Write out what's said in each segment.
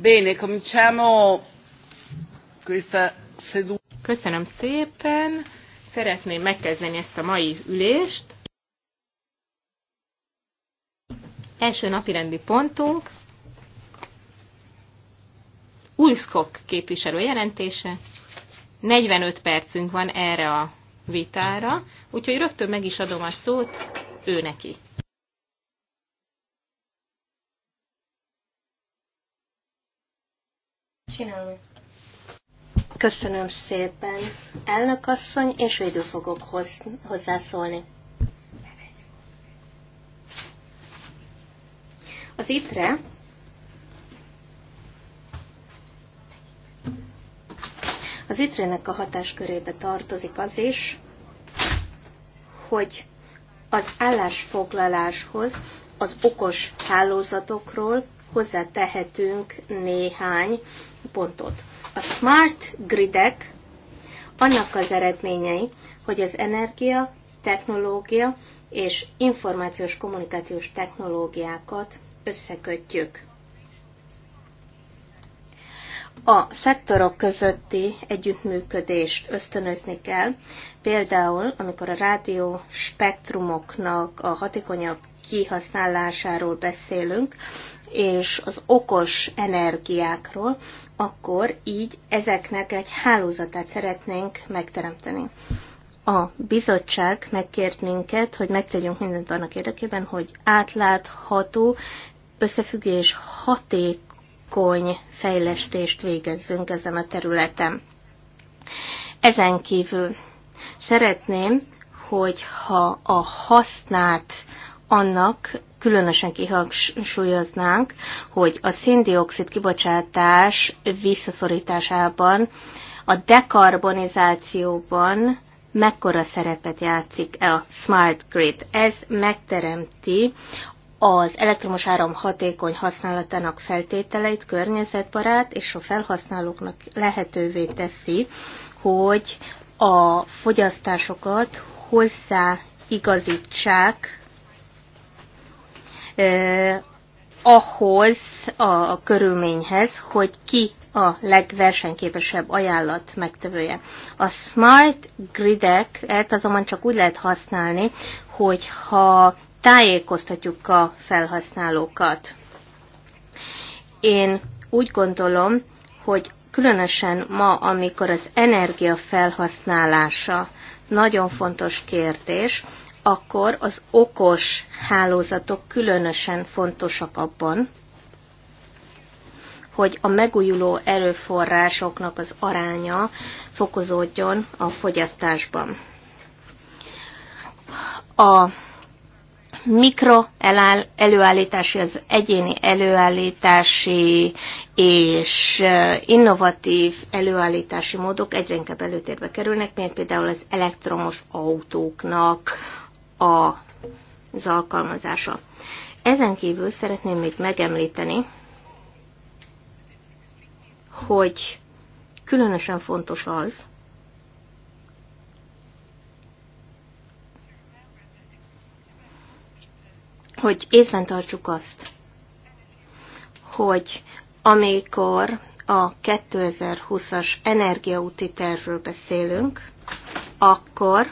Bene, cominciamo questa seduta. Köszönöm szépen. Szeretném megkezdeni ezt a mai ülést. Első napi rendi pontunk. Ulszkok képviselő jelentése. 45 percünk van erre a vitára, úgyhogy rögtön meg is adom a szót ő neki. csinálni. Köszönöm szépen. Elnök asszony, és végül fogok hoz, hozzászólni. Az ITRE Az ITRE-nek a hatáskörébe tartozik az is, hogy az állásfoglaláshoz az okos hálózatokról hozzátehetünk néhány pontot. A smart gridek annak az eredményei, hogy az energia, technológia és információs kommunikációs technológiákat összekötjük. A szektorok közötti együttműködést ösztönözni kell, például amikor a rádió spektrumoknak a hatékonyabb kihasználásáról beszélünk, és az okos energiákról, akkor így ezeknek egy hálózatát szeretnénk megteremteni. A bizottság megkért minket, hogy megtegyünk mindent annak érdekében, hogy átlátható, összefüggés hatékony fejlesztést végezzünk ezen a területen. Ezen kívül szeretném, hogyha a hasznát annak különösen kihangsúlyoznánk, hogy a széndiokszid kibocsátás visszaszorításában, a dekarbonizációban mekkora szerepet játszik e a smart grid. Ez megteremti az elektromos áram hatékony használatának feltételeit környezetbarát, és a felhasználóknak lehetővé teszi, hogy a fogyasztásokat hozzá igazítsák ahhoz a körülményhez, hogy ki a legversenyképesebb ajánlat megtevője. A smart grideket azonban csak úgy lehet használni, hogyha tájékoztatjuk a felhasználókat. Én úgy gondolom, hogy különösen ma, amikor az energia felhasználása nagyon fontos kérdés, akkor az okos hálózatok különösen fontosak abban, hogy a megújuló erőforrásoknak az aránya fokozódjon a fogyasztásban. A mikro előállítási, az egyéni előállítási és innovatív előállítási módok egyre inkább előtérbe kerülnek, mint például az elektromos autóknak az alkalmazása. Ezen kívül szeretném még megemlíteni, hogy különösen fontos az, hogy észben tartsuk azt, hogy amikor a 2020-as energiaúti tervről beszélünk, akkor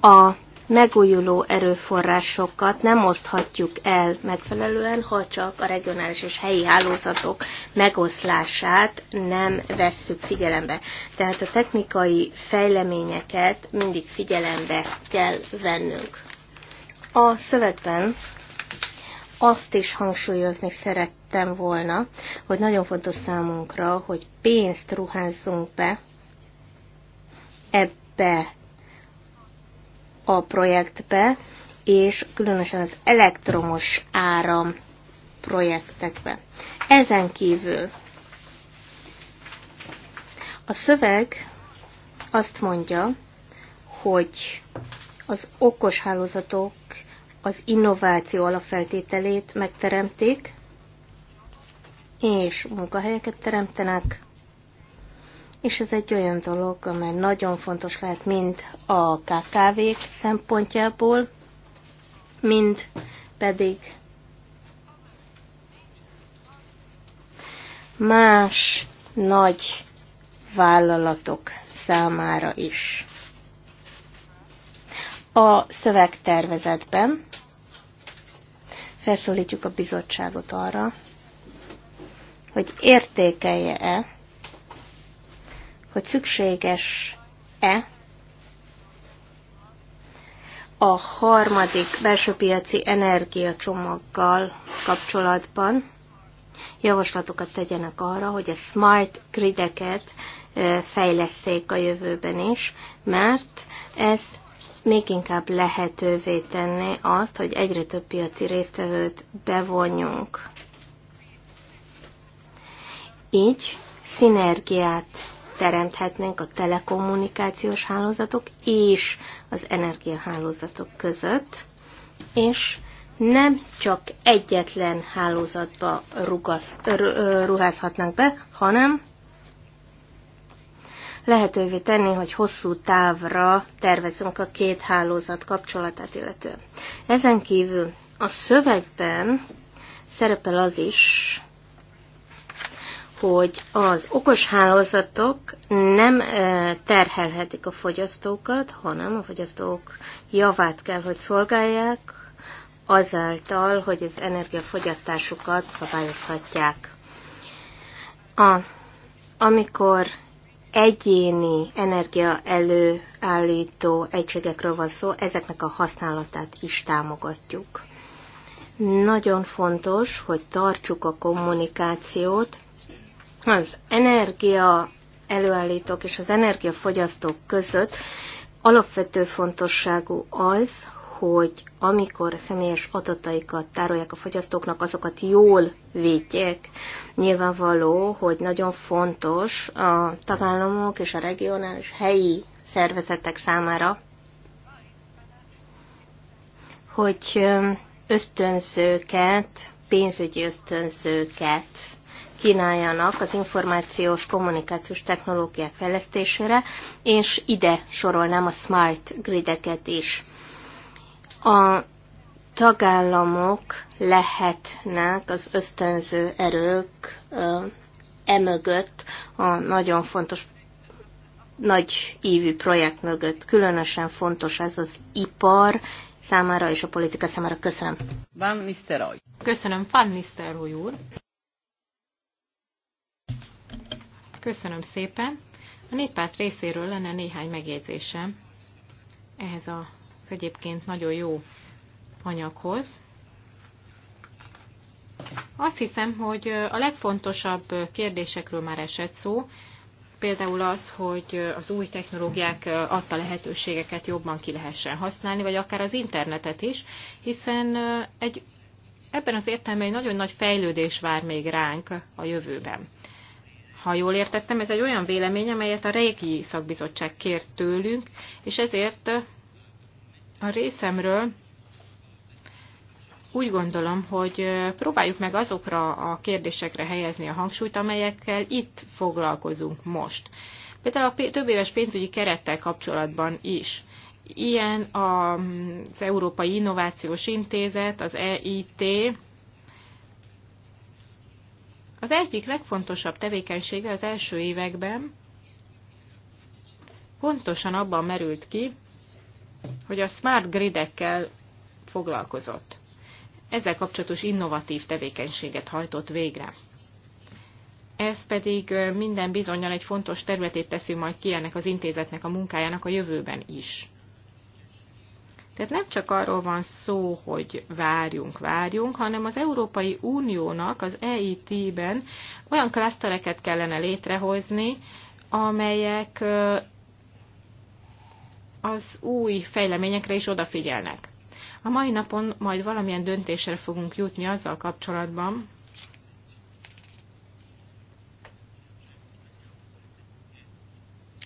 a megújuló erőforrásokat nem oszthatjuk el megfelelően, ha csak a regionális és helyi hálózatok megoszlását nem vesszük figyelembe. Tehát a technikai fejleményeket mindig figyelembe kell vennünk. A szövegben azt is hangsúlyozni szerettem volna, hogy nagyon fontos számunkra, hogy pénzt ruházzunk be ebbe a projektbe, és különösen az elektromos áram projektekbe. Ezen kívül a szöveg azt mondja, hogy az okos hálózatok az innováció alapfeltételét megteremték, és munkahelyeket teremtenek, és ez egy olyan dolog, amely nagyon fontos lehet mind a kkv szempontjából, mind pedig más nagy vállalatok számára is. A szövegtervezetben felszólítjuk a bizottságot arra, hogy értékelje-e hogy szükséges-e a harmadik belső piaci energiacsomaggal kapcsolatban javaslatokat tegyenek arra, hogy a smart grideket fejleszték a jövőben is, mert ez még inkább lehetővé tenni azt, hogy egyre több piaci résztvevőt bevonjunk. Így szinergiát teremthetnénk a telekommunikációs hálózatok és az energiahálózatok között, és nem csak egyetlen hálózatba rugasz, ruházhatnánk be, hanem lehetővé tenni, hogy hosszú távra tervezünk a két hálózat kapcsolatát illetően. Ezen kívül a szövegben szerepel az is, hogy az okos hálózatok nem e, terhelhetik a fogyasztókat, hanem a fogyasztók javát kell, hogy szolgálják, azáltal, hogy az energiafogyasztásukat szabályozhatják. A, amikor egyéni energia előállító egységekről van szó, ezeknek a használatát is támogatjuk. Nagyon fontos, hogy tartsuk a kommunikációt, az energia előállítók és az energiafogyasztók között alapvető fontosságú az, hogy amikor a személyes adataikat tárolják a fogyasztóknak, azokat jól védjék. Nyilvánvaló, hogy nagyon fontos a tagállamok és a regionális helyi szervezetek számára, hogy ösztönzőket, pénzügyi ösztönzőket kínáljanak az információs kommunikációs technológiák fejlesztésére, és ide sorolnám a smart grideket is. A tagállamok lehetnek az ösztönző erők emögött, a nagyon fontos nagy ívű projekt mögött. Különösen fontos ez az ipar számára és a politika számára. Köszönöm. Van Köszönöm, Van Nisztelrooy úr. Köszönöm szépen. A néppárt részéről lenne néhány megjegyzésem ehhez az egyébként nagyon jó anyaghoz. Azt hiszem, hogy a legfontosabb kérdésekről már esett szó, például az, hogy az új technológiák adta lehetőségeket jobban ki lehessen használni, vagy akár az internetet is, hiszen egy, ebben az értelemben egy nagyon nagy fejlődés vár még ránk a jövőben. Ha jól értettem, ez egy olyan vélemény, amelyet a régi szakbizottság kért tőlünk, és ezért a részemről úgy gondolom, hogy próbáljuk meg azokra a kérdésekre helyezni a hangsúlyt, amelyekkel itt foglalkozunk most. Például a több éves pénzügyi kerettel kapcsolatban is. Ilyen mm, az Európai Innovációs Intézet, az EIT, az egyik legfontosabb tevékenysége az első években pontosan abban merült ki, hogy a smart gridekkel foglalkozott. Ezzel kapcsolatos innovatív tevékenységet hajtott végre. Ez pedig minden bizonyal egy fontos területét teszi majd ki ennek az intézetnek a munkájának a jövőben is. Tehát nem csak arról van szó, hogy várjunk, várjunk, hanem az Európai Uniónak az EIT-ben olyan klasztereket kellene létrehozni, amelyek az új fejleményekre is odafigyelnek. A mai napon majd valamilyen döntésre fogunk jutni azzal kapcsolatban,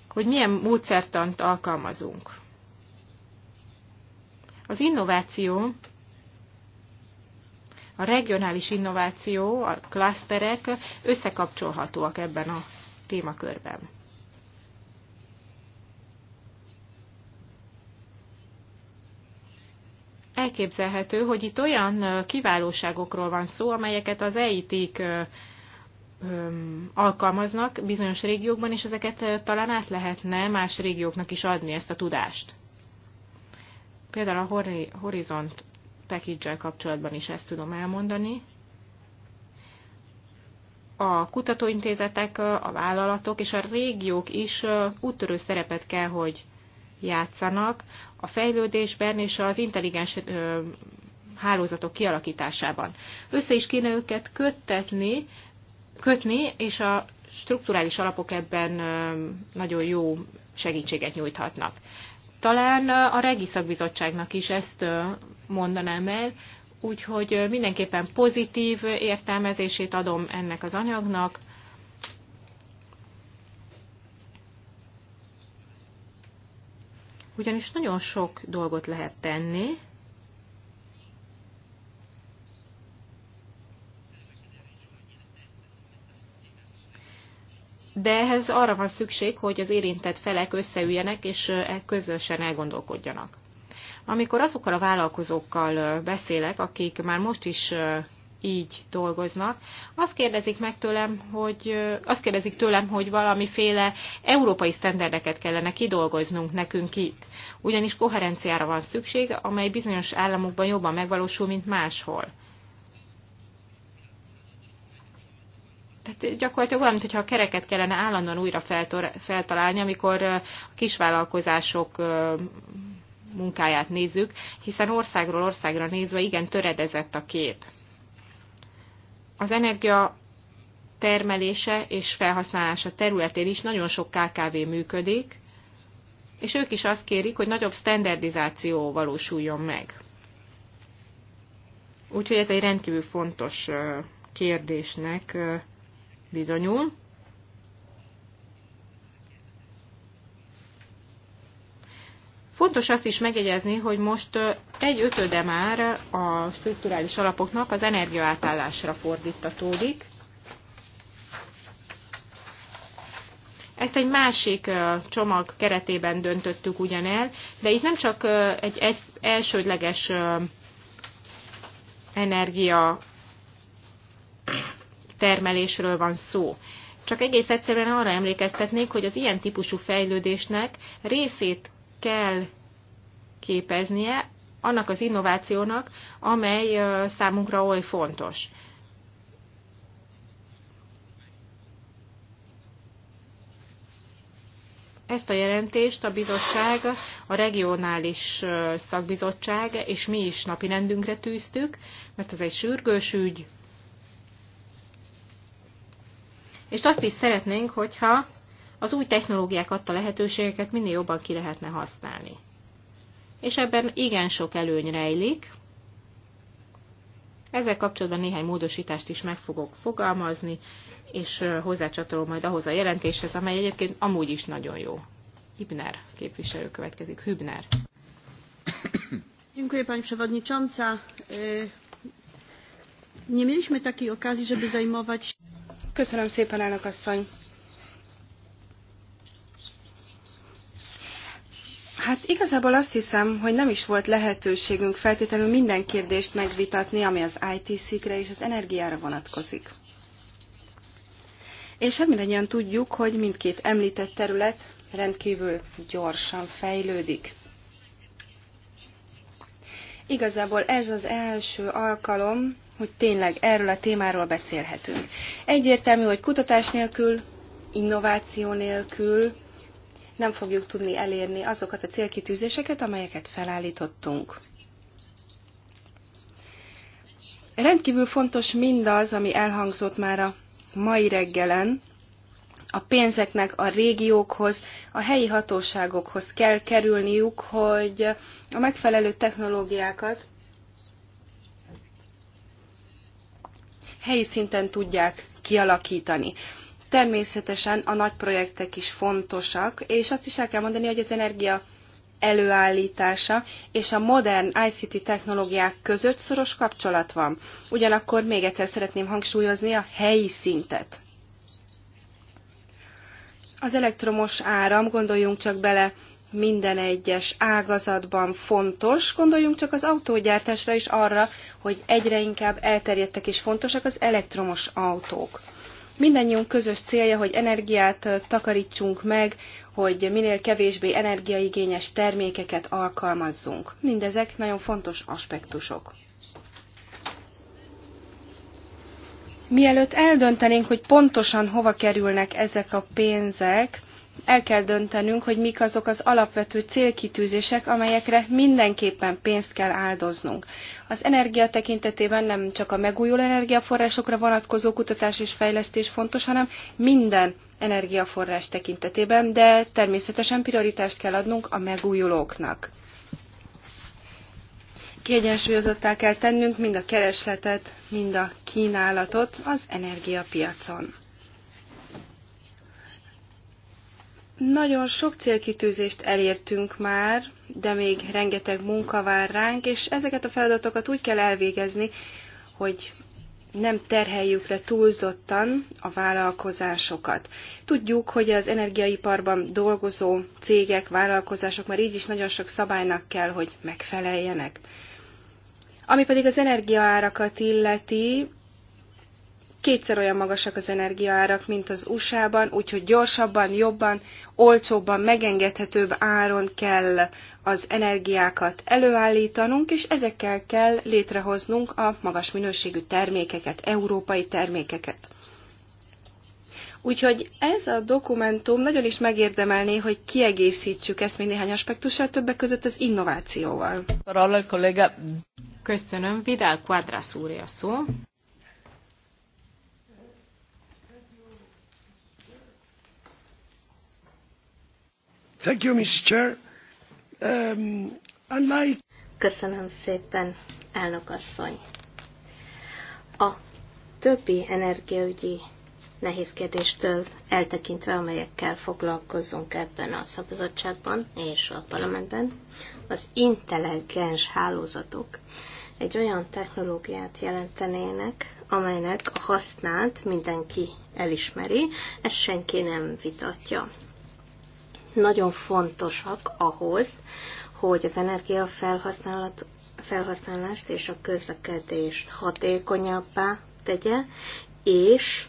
hogy milyen módszertant alkalmazunk. Az innováció, a regionális innováció, a klaszterek összekapcsolhatóak ebben a témakörben. elképzelhető, hogy itt olyan kiválóságokról van szó, amelyeket az eit alkalmaznak bizonyos régiókban, és ezeket talán át lehetne más régióknak is adni ezt a tudást. Például a Horizont package kapcsolatban is ezt tudom elmondani. A kutatóintézetek, a vállalatok és a régiók is úttörő szerepet kell, hogy játszanak a fejlődésben és az intelligens hálózatok kialakításában. Össze is kéne őket köttetni, kötni, és a strukturális alapok ebben nagyon jó segítséget nyújthatnak. Talán a Regi Szakbizottságnak is ezt mondanám el, úgyhogy mindenképpen pozitív értelmezését adom ennek az anyagnak. Ugyanis nagyon sok dolgot lehet tenni, de ehhez arra van szükség, hogy az érintett felek összeüljenek és e, közösen elgondolkodjanak. Amikor azokkal a vállalkozókkal beszélek, akik már most is így dolgoznak, azt kérdezik meg tőlem, hogy, azt kérdezik tőlem, hogy valamiféle európai sztenderdeket kellene kidolgoznunk nekünk itt. Ugyanis koherenciára van szükség, amely bizonyos államokban jobban megvalósul, mint máshol. Tehát gyakorlatilag olyan, mintha a kereket kellene állandóan újra feltalálni, amikor a kisvállalkozások munkáját nézzük, hiszen országról országra nézve igen töredezett a kép. Az energia termelése és felhasználása területén is nagyon sok KKV működik, és ők is azt kérik, hogy nagyobb standardizáció valósuljon meg. Úgyhogy ez egy rendkívül fontos kérdésnek bizonyul. Fontos azt is megjegyezni, hogy most egy ötöde már a strukturális alapoknak az energiaátállásra fordítatódik. Ezt egy másik csomag keretében döntöttük ugyanel, de itt nem csak egy, egy elsődleges energia termelésről van szó. Csak egész egyszerűen arra emlékeztetnék, hogy az ilyen típusú fejlődésnek részét kell képeznie annak az innovációnak, amely számunkra oly fontos. Ezt a jelentést a bizottság, a regionális szakbizottság és mi is napirendünkre tűztük, mert ez egy sürgős ügy, és azt is szeretnénk, hogyha az új technológiák adta lehetőségeket minél jobban ki lehetne használni. És ebben igen sok előny rejlik. Ezzel kapcsolatban néhány módosítást is meg fogok fogalmazni, és hozzácsatolom majd ahhoz a jelentéshez, amely egyébként amúgy is nagyon jó. Hübner képviselő következik. Hübner. Dziękuję Pani Przewodnicząca. Nie mieliśmy takiej okazji, żeby zajmować Köszönöm szépen, elnök asszony. Hát igazából azt hiszem, hogy nem is volt lehetőségünk feltétlenül minden kérdést megvitatni, ami az IT-szikre és az energiára vonatkozik. És hát mindannyian tudjuk, hogy mindkét említett terület rendkívül gyorsan fejlődik. Igazából ez az első alkalom, hogy tényleg erről a témáról beszélhetünk. Egyértelmű, hogy kutatás nélkül, innováció nélkül nem fogjuk tudni elérni azokat a célkitűzéseket, amelyeket felállítottunk. Rendkívül fontos mindaz, ami elhangzott már a mai reggelen, a pénzeknek a régiókhoz, a helyi hatóságokhoz kell kerülniük, hogy a megfelelő technológiákat helyi szinten tudják kialakítani. Természetesen a nagy projektek is fontosak, és azt is el kell mondani, hogy az energia előállítása és a modern ICT technológiák között szoros kapcsolat van. Ugyanakkor még egyszer szeretném hangsúlyozni a helyi szintet. Az elektromos áram, gondoljunk csak bele, minden egyes ágazatban fontos. Gondoljunk csak az autógyártásra is arra, hogy egyre inkább elterjedtek és fontosak az elektromos autók. Mindennyiunk közös célja, hogy energiát takarítsunk meg, hogy minél kevésbé energiaigényes termékeket alkalmazzunk. Mindezek nagyon fontos aspektusok. Mielőtt eldöntenénk, hogy pontosan hova kerülnek ezek a pénzek, el kell döntenünk, hogy mik azok az alapvető célkitűzések, amelyekre mindenképpen pénzt kell áldoznunk. Az energia tekintetében nem csak a megújuló energiaforrásokra vonatkozó kutatás és fejlesztés fontos, hanem minden energiaforrás tekintetében, de természetesen prioritást kell adnunk a megújulóknak. Kiegyensúlyozottá kell tennünk mind a keresletet, mind a kínálatot az energiapiacon. Nagyon sok célkitűzést elértünk már, de még rengeteg munka vár ránk, és ezeket a feladatokat úgy kell elvégezni, hogy nem terheljük le túlzottan a vállalkozásokat. Tudjuk, hogy az energiaiparban dolgozó cégek, vállalkozások már így is nagyon sok szabálynak kell, hogy megfeleljenek. Ami pedig az energiaárakat illeti, kétszer olyan magasak az energiaárak, mint az USA-ban, úgyhogy gyorsabban, jobban, olcsóbban, megengedhetőbb áron kell az energiákat előállítanunk, és ezekkel kell létrehoznunk a magas minőségű termékeket, európai termékeket. Úgyhogy ez a dokumentum nagyon is megérdemelné, hogy kiegészítsük ezt még néhány aspektussal, többek között az innovációval. Köszönöm, Vidal Quadras úr a szó. Um, Köszönöm szépen, elnök asszony. A többi energiaügyi nehéz kérdéstől eltekintve, amelyekkel foglalkozunk ebben a szakbizottságban és a parlamentben, az intelligens hálózatok egy olyan technológiát jelentenének, amelynek a hasznát mindenki elismeri, ezt senki nem vitatja nagyon fontosak ahhoz, hogy az energiafelhasználat felhasználást és a közlekedést hatékonyabbá tegye, és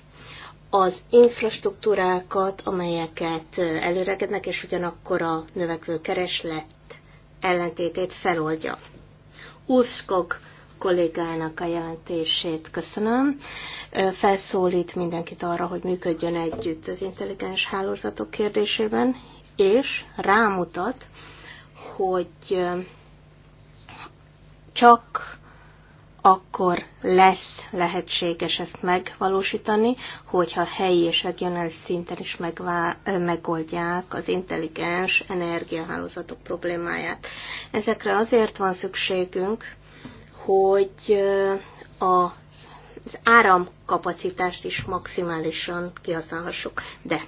az infrastruktúrákat, amelyeket előregednek, és ugyanakkor a növekvő kereslet ellentétét feloldja. Urskog kollégának a jelentését köszönöm. Felszólít mindenkit arra, hogy működjön együtt az intelligens hálózatok kérdésében, és rámutat, hogy csak akkor lesz lehetséges ezt megvalósítani, hogyha helyi és regionális szinten is megvá- megoldják az intelligens energiahálózatok problémáját. Ezekre azért van szükségünk, hogy a az áramkapacitást is maximálisan kihasználhassuk. De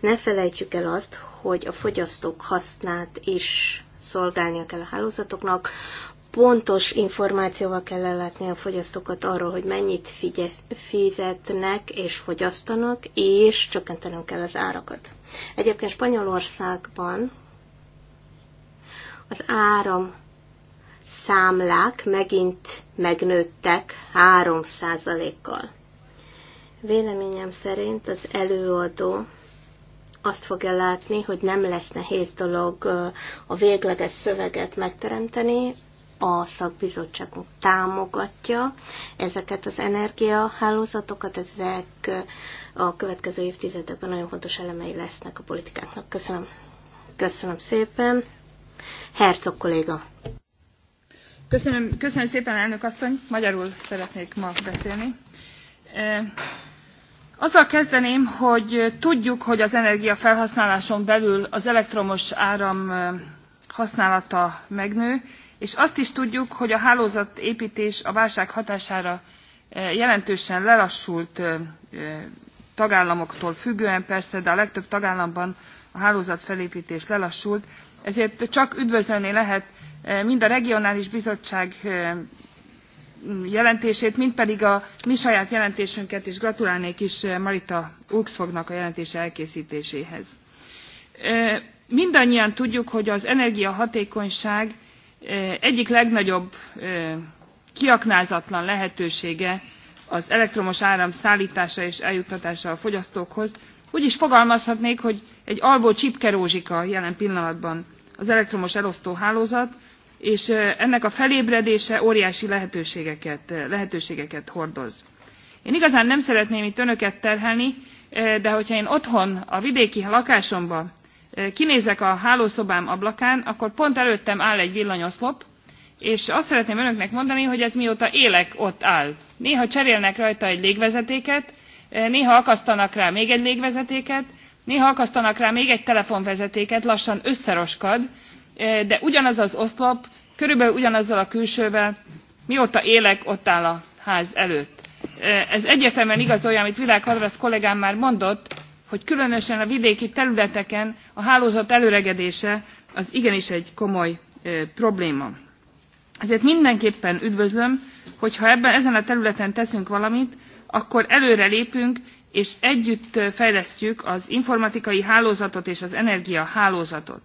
ne felejtjük el azt, hogy a fogyasztók hasznát is szolgálnia kell a hálózatoknak, pontos információval kell ellátni a fogyasztókat arról, hogy mennyit fizetnek és fogyasztanak, és csökkentenünk kell az árakat. Egyébként Spanyolországban az áram számlák megint megnőttek 3%-kal. Véleményem szerint az előadó azt fogja látni, hogy nem lesz nehéz dolog a végleges szöveget megteremteni, a szakbizottságunk támogatja ezeket az energiahálózatokat, ezek a következő évtizedekben nagyon fontos elemei lesznek a politikáknak. Köszönöm. Köszönöm szépen. Herzog kolléga. Köszönöm, szépen, elnök asszony. Magyarul szeretnék ma beszélni. E, azzal kezdeném, hogy tudjuk, hogy az energiafelhasználáson belül az elektromos áram e, használata megnő, és azt is tudjuk, hogy a hálózatéptés a válság hatására e, jelentősen lelassult tagállamoktól függően persze, de a legtöbb tagállamban a hálózat felépítés lelassult, ezért csak üdvözölni lehet e, mind a regionális bizottság e, jelentését mind pedig a mi saját jelentésünket és gratulálnék is e, marita Uxfognak a jelentés elkészítéséhez. mindannyian tudjuk hogy az energiahatékonyság egyik legnagyobb kiaknázatlan lehetősége az elektromos áram szállítása és eljuttatása a fogyasztókhoz úgy is fogalmazhatnék hogy egy alvó csipkerózsika jelen pillanatban az elektromos elosztó hálózat, és ennek a felébredése óriási lehetőségeket, lehetőségeket hordoz. Én igazán nem szeretném itt önöket terhelni, de hogyha én otthon, a vidéki lakásomba kinézek a hálószobám ablakán, akkor pont előttem áll egy villanyoszlop, és azt szeretném önöknek mondani, hogy ez mióta élek ott áll. Néha cserélnek rajta egy légvezetéket, néha akasztanak rá még egy légvezetéket, néha akasztanak rá még egy telefonvezetéket lassan összeroskad eh, de ugyanaz az oszlop körülbelül ugyanazzal a külsővel mióta élek ott áll a ház előtt. Eh, ez egyértelműen olyan, amit Világ harvasz kollégám már mondott hogy különösen a vidéki területeken a hálózat előregedése az igenis egy komoly eh, probléma. ezért mindenképpen üdvözlöm hogyha ebben ezen a területen teszünk valamit akkor előre lépünk és együtt fejlesztjük az informatikai hálózatot és az energiahálózatot.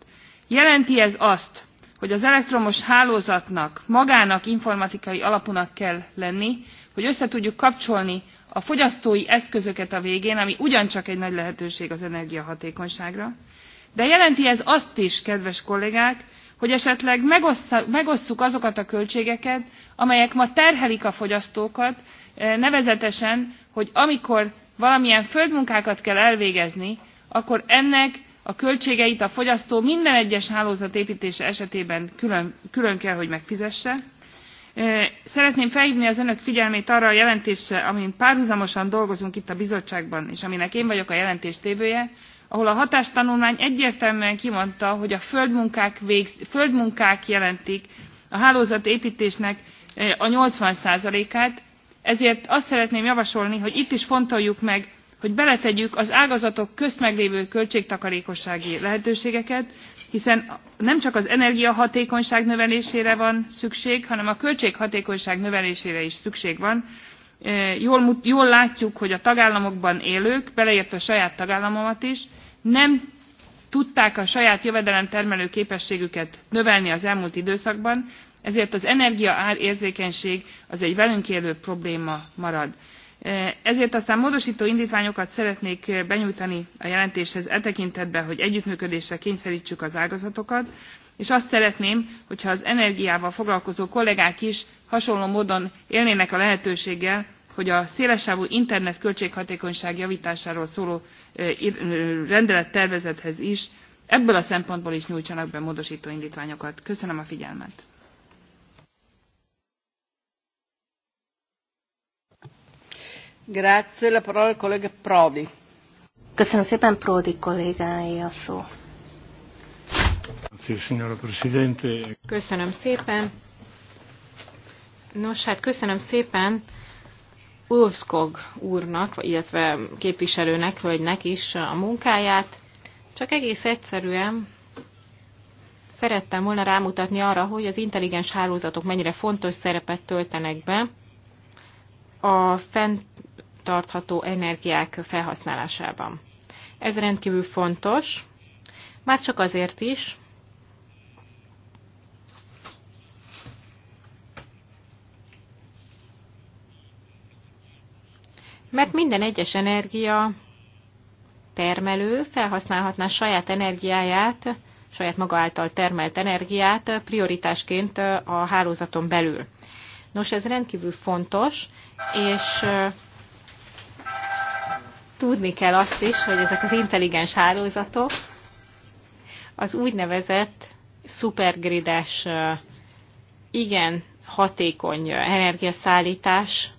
Jelenti ez azt, hogy az elektromos hálózatnak magának informatikai alapúnak kell lenni, hogy össze tudjuk kapcsolni a fogyasztói eszközöket a végén, ami ugyancsak egy nagy lehetőség az energiahatékonyságra. De jelenti ez azt is, kedves kollégák, hogy esetleg megosszuk azokat a költségeket, amelyek ma terhelik a fogyasztókat, nevezetesen, hogy amikor valamilyen földmunkákat kell elvégezni akkor ennek a költségeit a fogyasztó minden egyes hálózat építése esetében külön, külön kell hogy megfizesse. szeretném felhívni az önök figyelmét arra a jelentésre amin párhuzamosan dolgozunk itt a bizottságban és aminek én vagyok a jelentéstévője ahol a hatástanulmány egyértelműen kimondta hogy a földmunkák, végz, földmunkák jelentik a hálózatépítésnek a 80%-át ezért azt szeretném javasolni hogy itt is fontoljuk meg hogy beletegyük az ágazatok közt meglévő költségtakarékossági lehetőségeket hiszen nem csak az energiahatékonyság növelésére van szükség hanem a költséghatékonyság növelésére is szükség van. jól, jól látjuk hogy a tagállamokban élők beleértve a saját tagállamomat is nem tudták a saját jövedelemtermelő képességüket növelni az elmúlt időszakban ezért az energiaár érzékenység az egy velünk élő probléma marad. E, ezért aztán módosító indítványokat szeretnék benyújtani a jelentéshez e tekintetben, hogy együttműködésre kényszerítsük az ágazatokat, és azt szeretném, hogyha az energiával foglalkozó kollégák is hasonló módon élnének a lehetőséggel, hogy a szélesávú internet költséghatékonyság javításáról szóló e, e, rendelettervezethez is ebből a szempontból is nyújtsanak be módosító indítványokat. Köszönöm a figyelmet! Grazie, la parola Prodi. Köszönöm szépen, Prodi kollégáé a szó. Köszönöm szépen. Nos, hát köszönöm szépen Ulfskog úrnak, illetve képviselőnek, vagy nek is a munkáját. Csak egész egyszerűen szerettem volna rámutatni arra, hogy az intelligens hálózatok mennyire fontos szerepet töltenek be a fenntartható energiák felhasználásában. Ez rendkívül fontos, már csak azért is, mert minden egyes energia termelő felhasználhatná saját energiáját, saját maga által termelt energiát prioritásként a hálózaton belül. Nos, ez rendkívül fontos, és tudni kell azt is, hogy ezek az intelligens hálózatok az úgynevezett szupergrides, igen hatékony energiaszállítás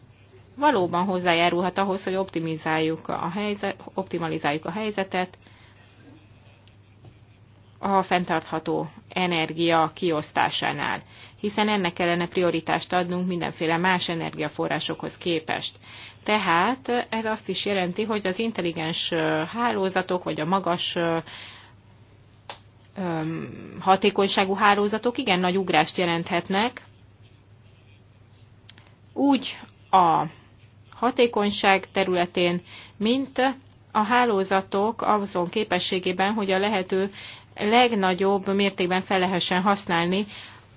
valóban hozzájárulhat ahhoz, hogy optimizáljuk a helyzet, optimalizáljuk a helyzetet a fenntartható energia kiosztásánál, hiszen ennek kellene prioritást adnunk mindenféle más energiaforrásokhoz képest. Tehát ez azt is jelenti, hogy az intelligens hálózatok, vagy a magas hatékonyságú hálózatok igen nagy ugrást jelenthetnek, úgy a hatékonyság területén, mint a hálózatok azon képességében, hogy a lehető legnagyobb mértékben fel lehessen használni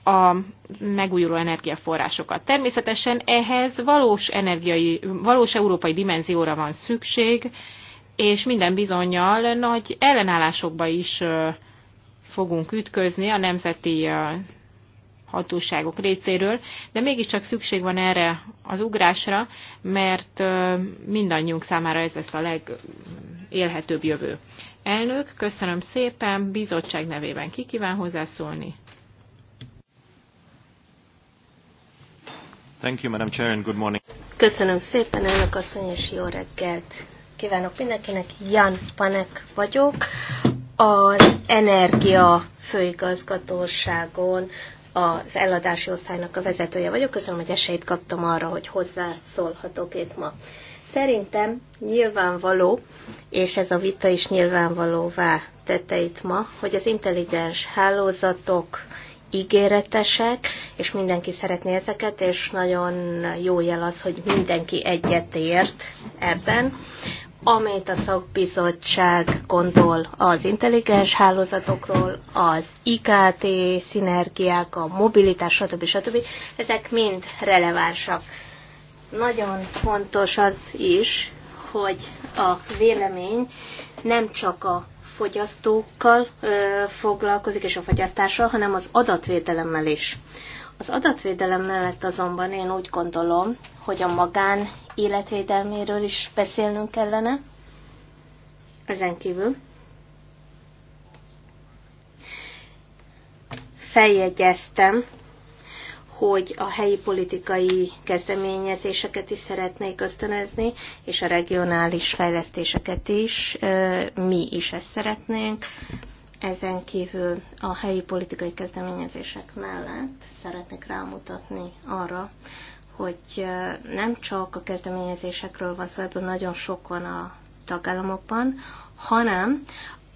a megújuló energiaforrásokat. Természetesen ehhez valós, energiai, valós európai dimenzióra van szükség, és minden bizonyal nagy ellenállásokba is fogunk ütközni a nemzeti hatóságok részéről, de mégiscsak szükség van erre az ugrásra, mert mindannyiunk számára ez lesz a legélhetőbb jövő. Elnök, köszönöm szépen, bizottság nevében ki kíván hozzászólni? Thank you, Madam Chair, and good morning. Köszönöm szépen, elnök asszony, és jó reggelt kívánok mindenkinek. Jan Panek vagyok, az Energia Főigazgatóságon az eladási osztálynak a vezetője vagyok. Köszönöm, hogy esélyt kaptam arra, hogy hozzászólhatok itt ma. Szerintem nyilvánvaló, és ez a vita is nyilvánvalóvá tette itt ma, hogy az intelligens hálózatok ígéretesek, és mindenki szeretné ezeket, és nagyon jó jel az, hogy mindenki egyetért ebben, amit a szakbizottság gondol az intelligens hálózatokról, az IKT szinergiák, a mobilitás, stb. stb. Ezek mind relevánsak. Nagyon fontos az is, hogy a vélemény nem csak a fogyasztókkal ö, foglalkozik és a fogyasztással, hanem az adatvédelemmel is. Az adatvédelem mellett azonban én úgy gondolom, hogy a magán életvédelméről is beszélnünk kellene. Ezen kívül feljegyeztem hogy a helyi politikai kezdeményezéseket is szeretnék ösztönözni, és a regionális fejlesztéseket is. Mi is ezt szeretnénk. Ezen kívül a helyi politikai kezdeményezések mellett szeretnék rámutatni arra, hogy nem csak a kezdeményezésekről van szó, ebből nagyon sok van a tagállamokban, hanem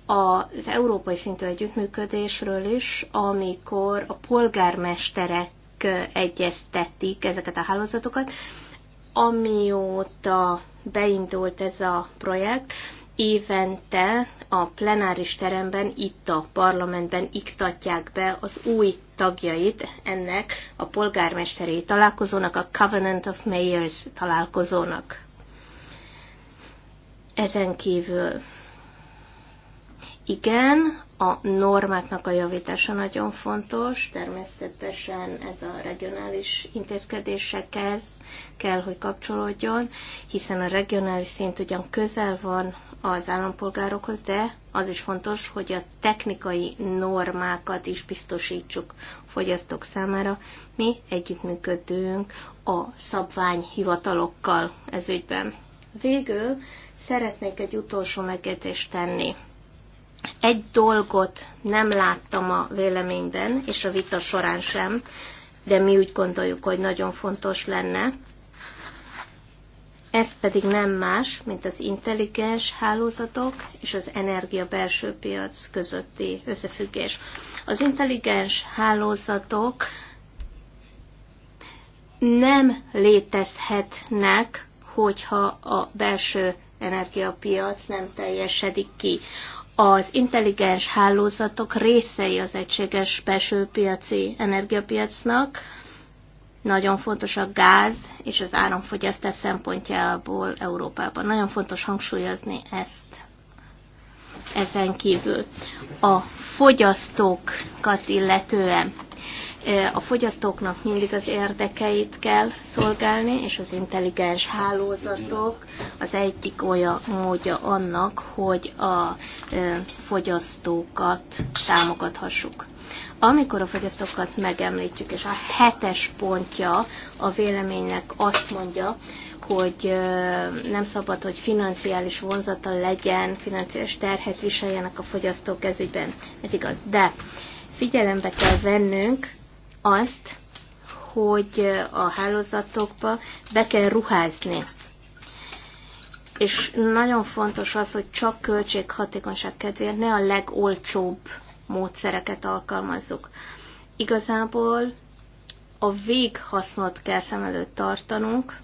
az európai szintű együttműködésről is, amikor a polgármesterek egyeztetik ezeket a hálózatokat. Amióta beindult ez a projekt, évente a plenáris teremben, itt a parlamentben iktatják be az új tagjait ennek a polgármesteri találkozónak, a Covenant of Mayors találkozónak. Ezen kívül igen, a normáknak a javítása nagyon fontos, természetesen ez a regionális intézkedésekhez kell, hogy kapcsolódjon, hiszen a regionális szint ugyan közel van az állampolgárokhoz, de az is fontos, hogy a technikai normákat is biztosítsuk fogyasztók számára. Mi együttműködünk a szabványhivatalokkal ez ügyben. Végül szeretnék egy utolsó megjegyzést tenni egy dolgot nem láttam a véleményben, és a vita során sem, de mi úgy gondoljuk, hogy nagyon fontos lenne. Ez pedig nem más, mint az intelligens hálózatok és az energia belső piac közötti összefüggés. Az intelligens hálózatok nem létezhetnek, hogyha a belső energiapiac nem teljesedik ki az intelligens hálózatok részei az egységes belső piaci energiapiacnak. Nagyon fontos a gáz és az áramfogyasztás szempontjából Európában. Nagyon fontos hangsúlyozni ezt ezen kívül. A fogyasztókat illetően E, a fogyasztóknak mindig az érdekeit kell szolgálni, és az intelligens hálózatok az egyik olyan módja annak, hogy a e, fogyasztókat támogathassuk. Amikor a fogyasztókat megemlítjük, és a hetes pontja a véleménynek azt mondja, hogy e, nem szabad, hogy financiális vonzata legyen, financiális terhet viseljenek a fogyasztók ezügyben. Ez igaz. De figyelembe kell vennünk azt, hogy a hálózatokba be kell ruházni. És nagyon fontos az, hogy csak költséghatékonyság kedvéért ne a legolcsóbb módszereket alkalmazzuk. Igazából a véghasznot kell szem előtt tartanunk,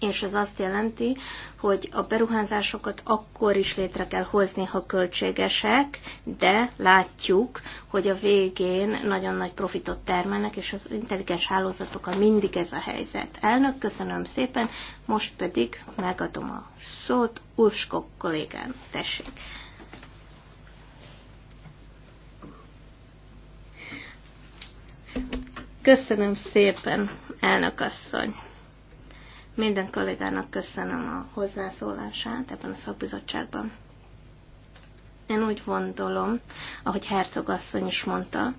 és ez azt jelenti, hogy a beruházásokat akkor is létre kell hozni, ha költségesek, de látjuk, hogy a végén nagyon nagy profitot termelnek, és az intelligens hálózatokkal mindig ez a helyzet. Elnök, köszönöm szépen, most pedig megadom a szót Urskok kollégám, tessék. Köszönöm szépen, elnök asszony. Minden kollégának köszönöm a hozzászólását ebben a szakbizottságban. Én úgy gondolom, ahogy Herzog asszony is mondta,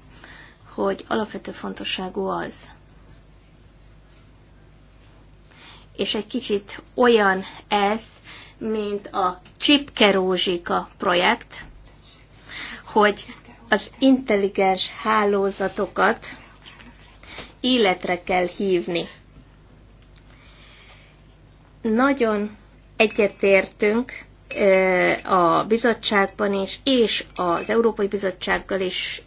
hogy alapvető fontosságú az, és egy kicsit olyan ez, mint a Csipke Rózsika projekt, hogy az intelligens hálózatokat életre kell hívni. Nagyon egyetértünk a bizottságban is, és az Európai Bizottsággal is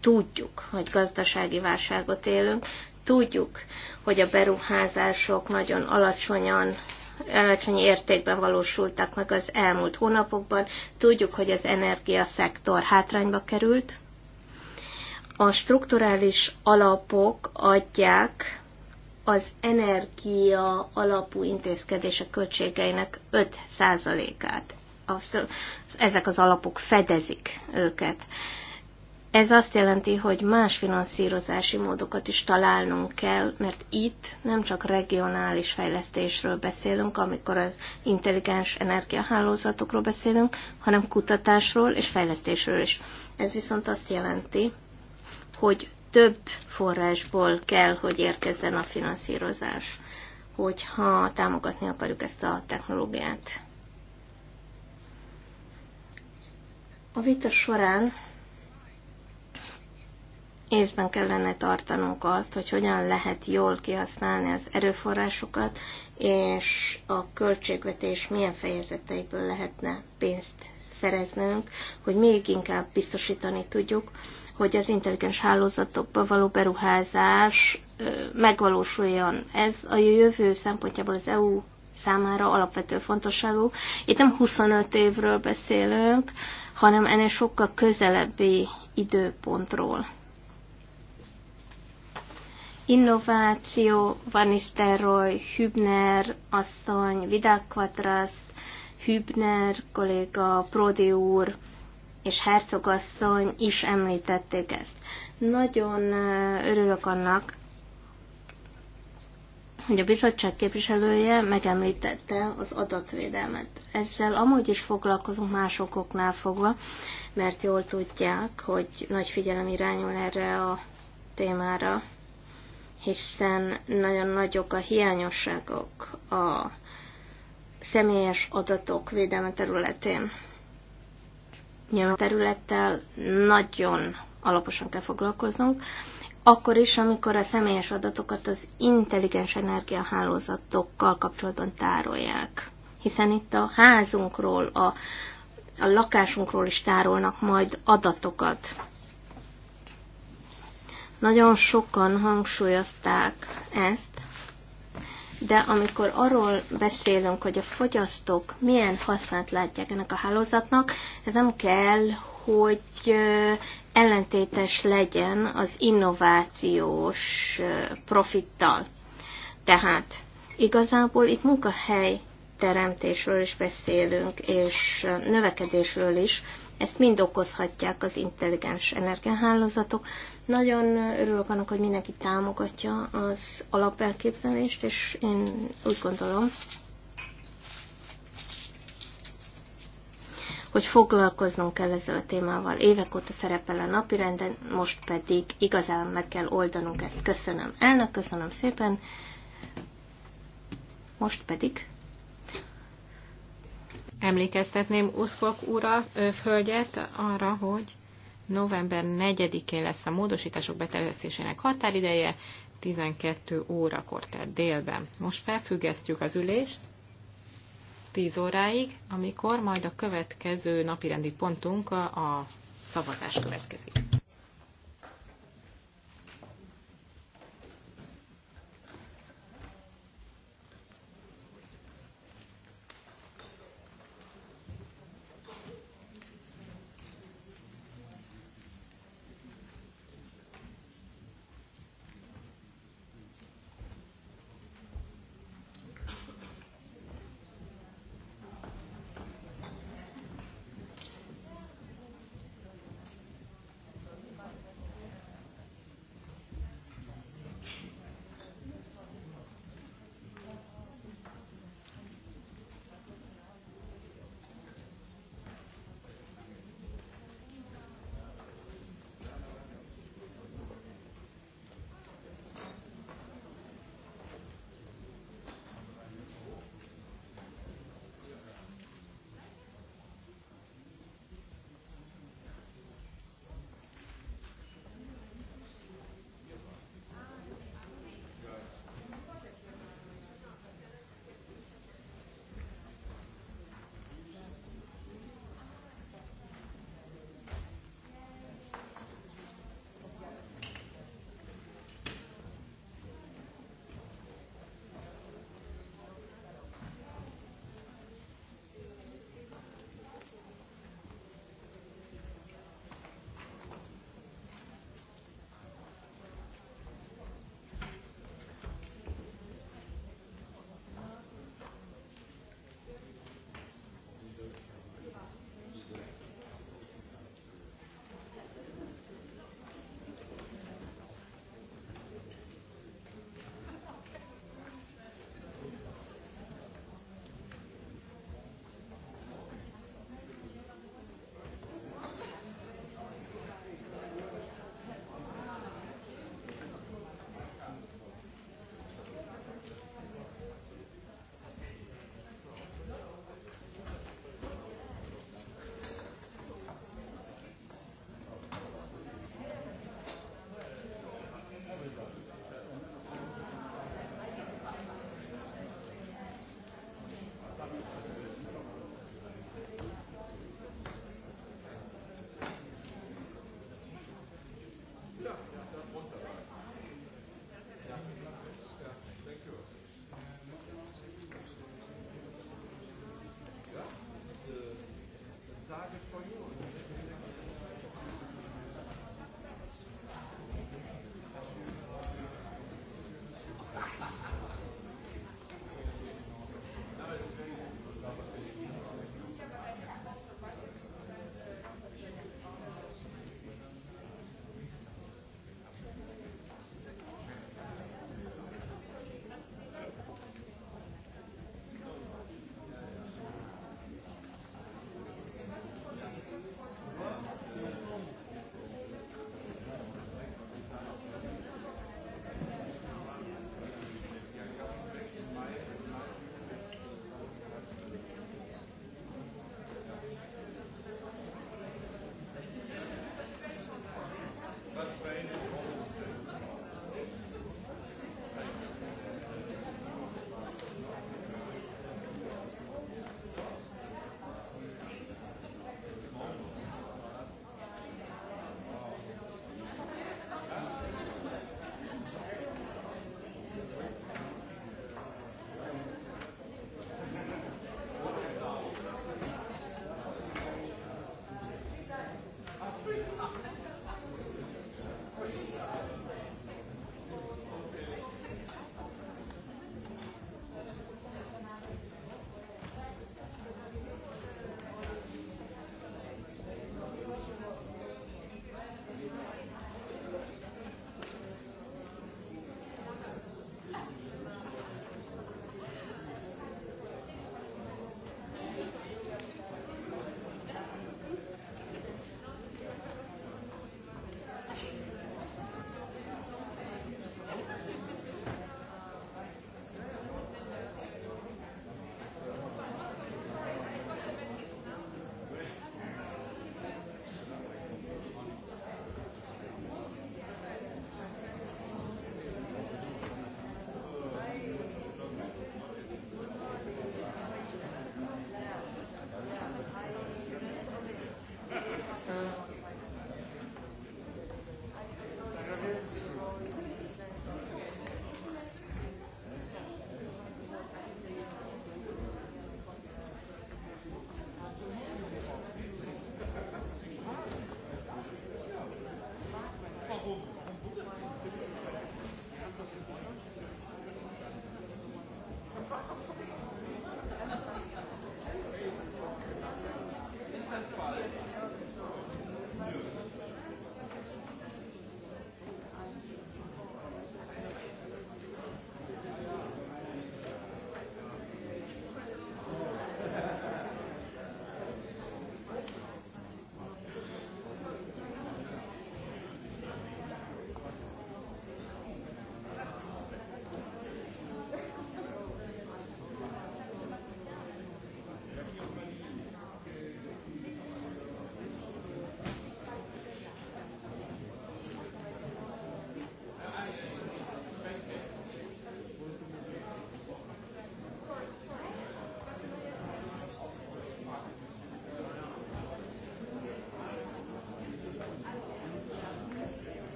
tudjuk, hogy gazdasági válságot élünk, tudjuk, hogy a beruházások nagyon alacsonyan alacsony értékben valósultak meg az elmúlt hónapokban. Tudjuk, hogy az energiaszektor hátrányba került. A strukturális alapok adják az energia alapú intézkedések költségeinek 5%-át. Ezek az alapok fedezik őket. Ez azt jelenti, hogy más finanszírozási módokat is találnunk kell, mert itt nem csak regionális fejlesztésről beszélünk, amikor az intelligens energiahálózatokról beszélünk, hanem kutatásról és fejlesztésről is. Ez viszont azt jelenti, hogy több forrásból kell, hogy érkezzen a finanszírozás, hogyha támogatni akarjuk ezt a technológiát. A vita során észben kellene tartanunk azt, hogy hogyan lehet jól kihasználni az erőforrásokat, és a költségvetés milyen fejezeteiből lehetne pénzt szereznünk, hogy még inkább biztosítani tudjuk, hogy az intelligens hálózatokba való beruházás megvalósuljon. Ez a jövő szempontjából az EU számára alapvető fontosságú. Itt nem 25 évről beszélünk, hanem ennél sokkal közelebbi időpontról. Innováció, Van Nistelrooy, Hübner, asszony, Vidák Quatrasz, Hübner kolléga, Prodi úr, és hercogasszony is említették ezt. Nagyon örülök annak, hogy a bizottság képviselője megemlítette az adatvédelmet. Ezzel amúgy is foglalkozunk másokoknál fogva, mert jól tudják, hogy nagy figyelem irányul erre a témára, hiszen nagyon nagyok a hiányosságok a személyes adatok védelme területén nyilván területtel nagyon alaposan kell foglalkoznunk, akkor is, amikor a személyes adatokat az intelligens energiahálózatokkal kapcsolatban tárolják. Hiszen itt a házunkról, a, a lakásunkról is tárolnak majd adatokat. Nagyon sokan hangsúlyozták ezt, de amikor arról beszélünk, hogy a fogyasztók milyen hasznát látják ennek a hálózatnak, ez nem kell, hogy ellentétes legyen az innovációs profittal. Tehát igazából itt munkahely teremtésről is beszélünk, és növekedésről is, ezt mind okozhatják az intelligens energiahálózatok. Nagyon örülök annak, hogy mindenki támogatja az alapelképzelést, és én úgy gondolom, hogy foglalkoznunk kell ezzel a témával. Évek óta szerepel a napirenden, most pedig igazán meg kell oldanunk ezt. Köszönöm elnök, köszönöm szépen. Most pedig emlékeztetném Uszkok úra, hölgyet arra, hogy november 4-én lesz a módosítások beterjesztésének határideje, 12 órakor, tehát délben. Most felfüggesztjük az ülést 10 óráig, amikor majd a következő napirendi pontunk a szavazás következik.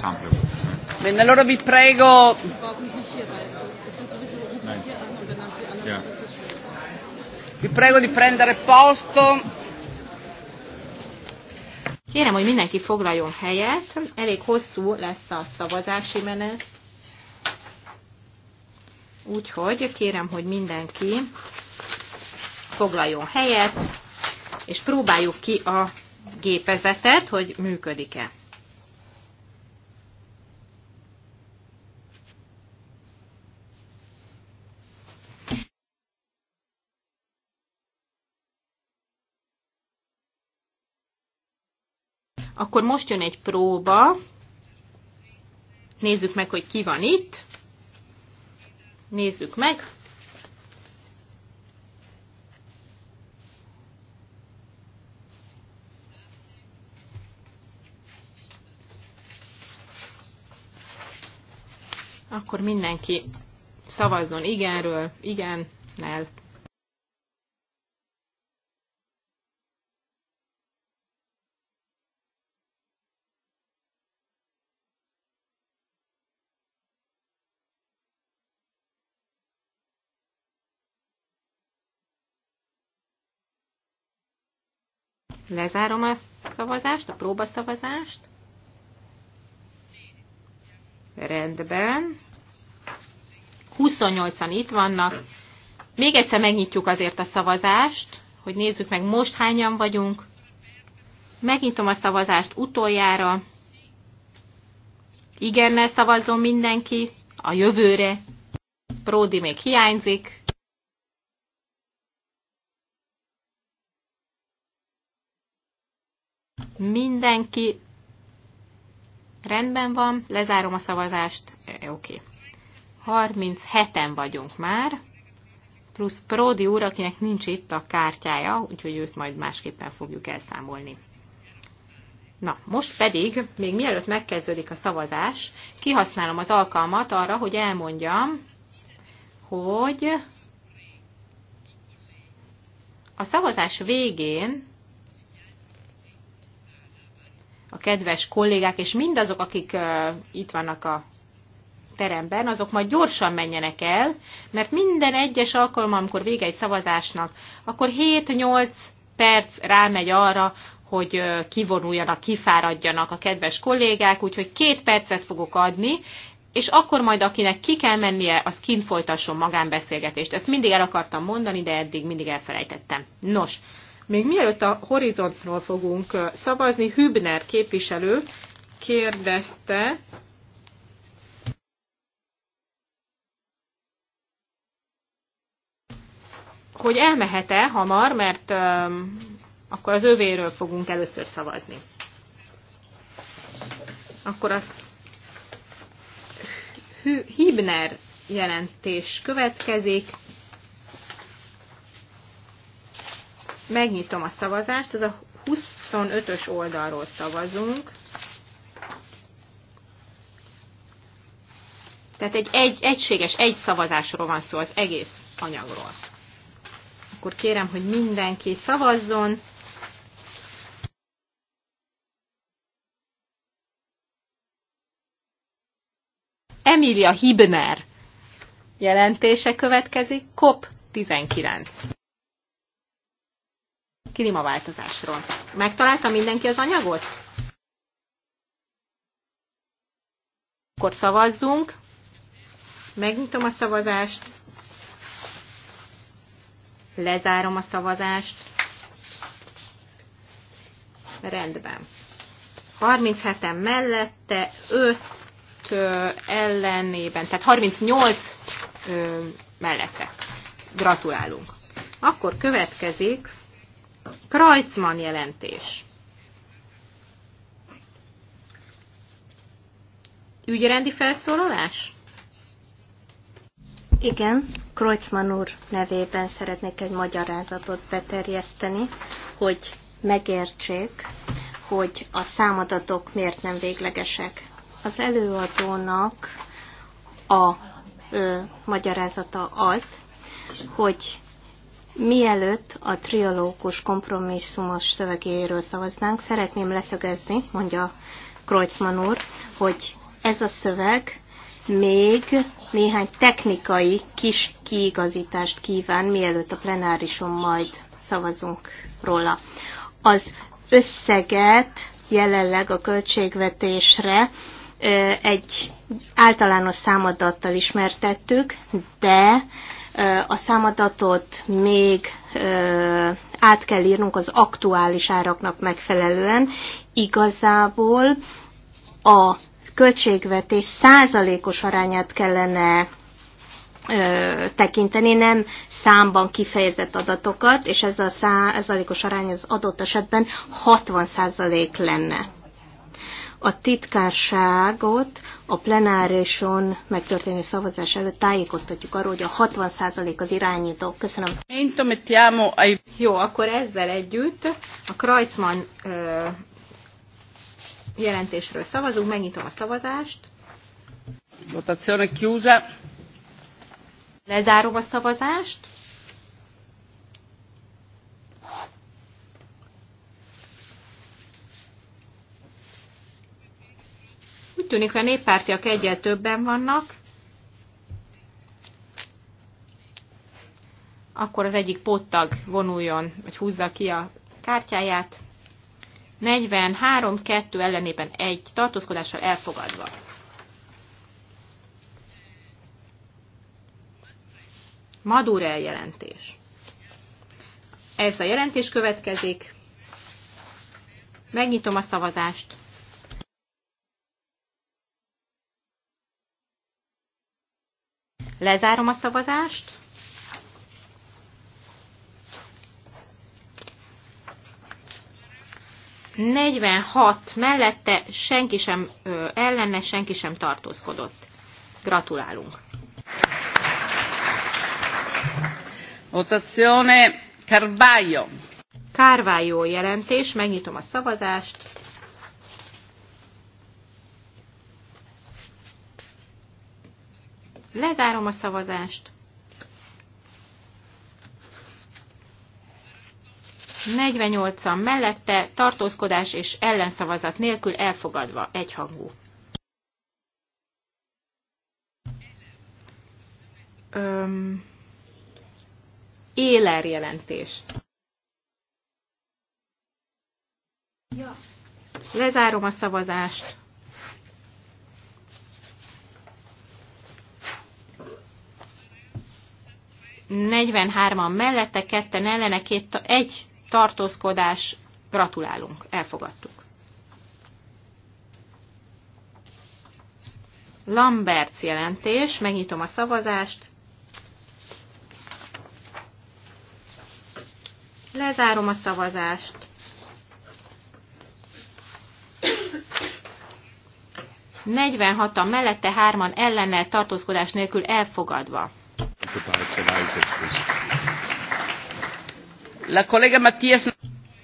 esempio. Bene, allora vi prego. Vi prego di prendere posto. Kérem, hogy mindenki foglaljon helyet, elég hosszú lesz a szavazási menet. Úgyhogy kérem, hogy mindenki foglaljon helyet, és próbáljuk ki a gépezetet, hogy működik-e. Akkor most jön egy próba. Nézzük meg, hogy ki van itt. Nézzük meg. Akkor mindenki szavazzon igenről, igen, nel, Lezárom a szavazást, a próbaszavazást. Rendben. 28-an itt vannak. Még egyszer megnyitjuk azért a szavazást, hogy nézzük meg most hányan vagyunk. Megnyitom a szavazást utoljára. Igennel szavazzon mindenki a jövőre. Pródi még hiányzik. Mindenki rendben van, lezárom a szavazást, e, e oké. Okay. 37-en vagyunk már, plusz Pródi úr, akinek nincs itt a kártyája, úgyhogy őt majd másképpen fogjuk elszámolni. Na, most pedig, még mielőtt megkezdődik a szavazás, kihasználom az alkalmat arra, hogy elmondjam, hogy a szavazás végén kedves kollégák és mindazok, akik itt vannak a teremben, azok majd gyorsan menjenek el, mert minden egyes alkalom, amikor vége egy szavazásnak, akkor 7-8 perc rámegy arra, hogy kivonuljanak, kifáradjanak a kedves kollégák, úgyhogy két percet fogok adni, és akkor majd akinek ki kell mennie, az kint folytasson magánbeszélgetést. Ezt mindig el akartam mondani, de eddig mindig elfelejtettem. Nos, még mielőtt a horizontról fogunk szavazni, Hübner képviselő kérdezte, hogy elmehet-e hamar, mert um, akkor az övéről fogunk először szavazni. Akkor a Hübner jelentés következik. Megnyitom a szavazást, ez a 25-ös oldalról szavazunk. Tehát egy, egy egységes, egy szavazásról van szó az egész anyagról. Akkor kérem, hogy mindenki szavazzon. Emilia Hibner jelentése következik, COP 19 klímaváltozásról. Megtalálta mindenki az anyagot? Akkor szavazzunk. Megnyitom a szavazást. Lezárom a szavazást. Rendben. 37-en mellette, 5 ellenében, tehát 38 mellette. Gratulálunk. Akkor következik Krajcman jelentés. Ügyrendi felszólalás? Igen, Kreutzmann úr nevében szeretnék egy magyarázatot beterjeszteni, hogy megértsék, hogy a számadatok miért nem véglegesek. Az előadónak a ö, magyarázata az, hogy Mielőtt a triológus kompromisszumos szövegéről szavaznánk, szeretném leszögezni, mondja Kreutzmann úr, hogy ez a szöveg még néhány technikai kis kiigazítást kíván, mielőtt a plenárison majd szavazunk róla. Az összeget jelenleg a költségvetésre egy általános számadattal ismertettük, de a számadatot még át kell írnunk az aktuális áraknak megfelelően. Igazából a költségvetés százalékos arányát kellene tekinteni, nem számban kifejezett adatokat, és ez a százalékos arány az adott esetben 60 százalék lenne a titkárságot a plenárison megtörténő szavazás előtt tájékoztatjuk arról, hogy a 60% az irányító. Köszönöm. Jó, akkor ezzel együtt a Kreuzmann ö, jelentésről szavazunk, megnyitom a szavazást. Votazione chiusa. Lezárom a szavazást. tűnik, hogy a néppártiak egyel többen vannak, akkor az egyik pottag vonuljon, vagy húzza ki a kártyáját. 43, 2 ellenében egy tartózkodással elfogadva. Madúr eljelentés. Ez a jelentés következik. Megnyitom a szavazást. Lezárom a szavazást. Negyvenhat mellette senki sem ö, ellene, senki sem tartózkodott. Gratulálunk. Votazione Carvajo. Carvajo jelentés, megnyitom a szavazást. Lezárom a szavazást. 48-an mellette, tartózkodás és ellenszavazat nélkül elfogadva, egyhangú. Öm, éler jelentés. Ja. Lezárom a szavazást. 43-an mellette, ketten ellene, két, egy tartózkodás. Gratulálunk, elfogadtuk. Lambert jelentés, megnyitom a szavazást. Lezárom a szavazást. Negyvenhatan mellette hárman ellennel tartózkodás nélkül elfogadva. La kollega Matthias...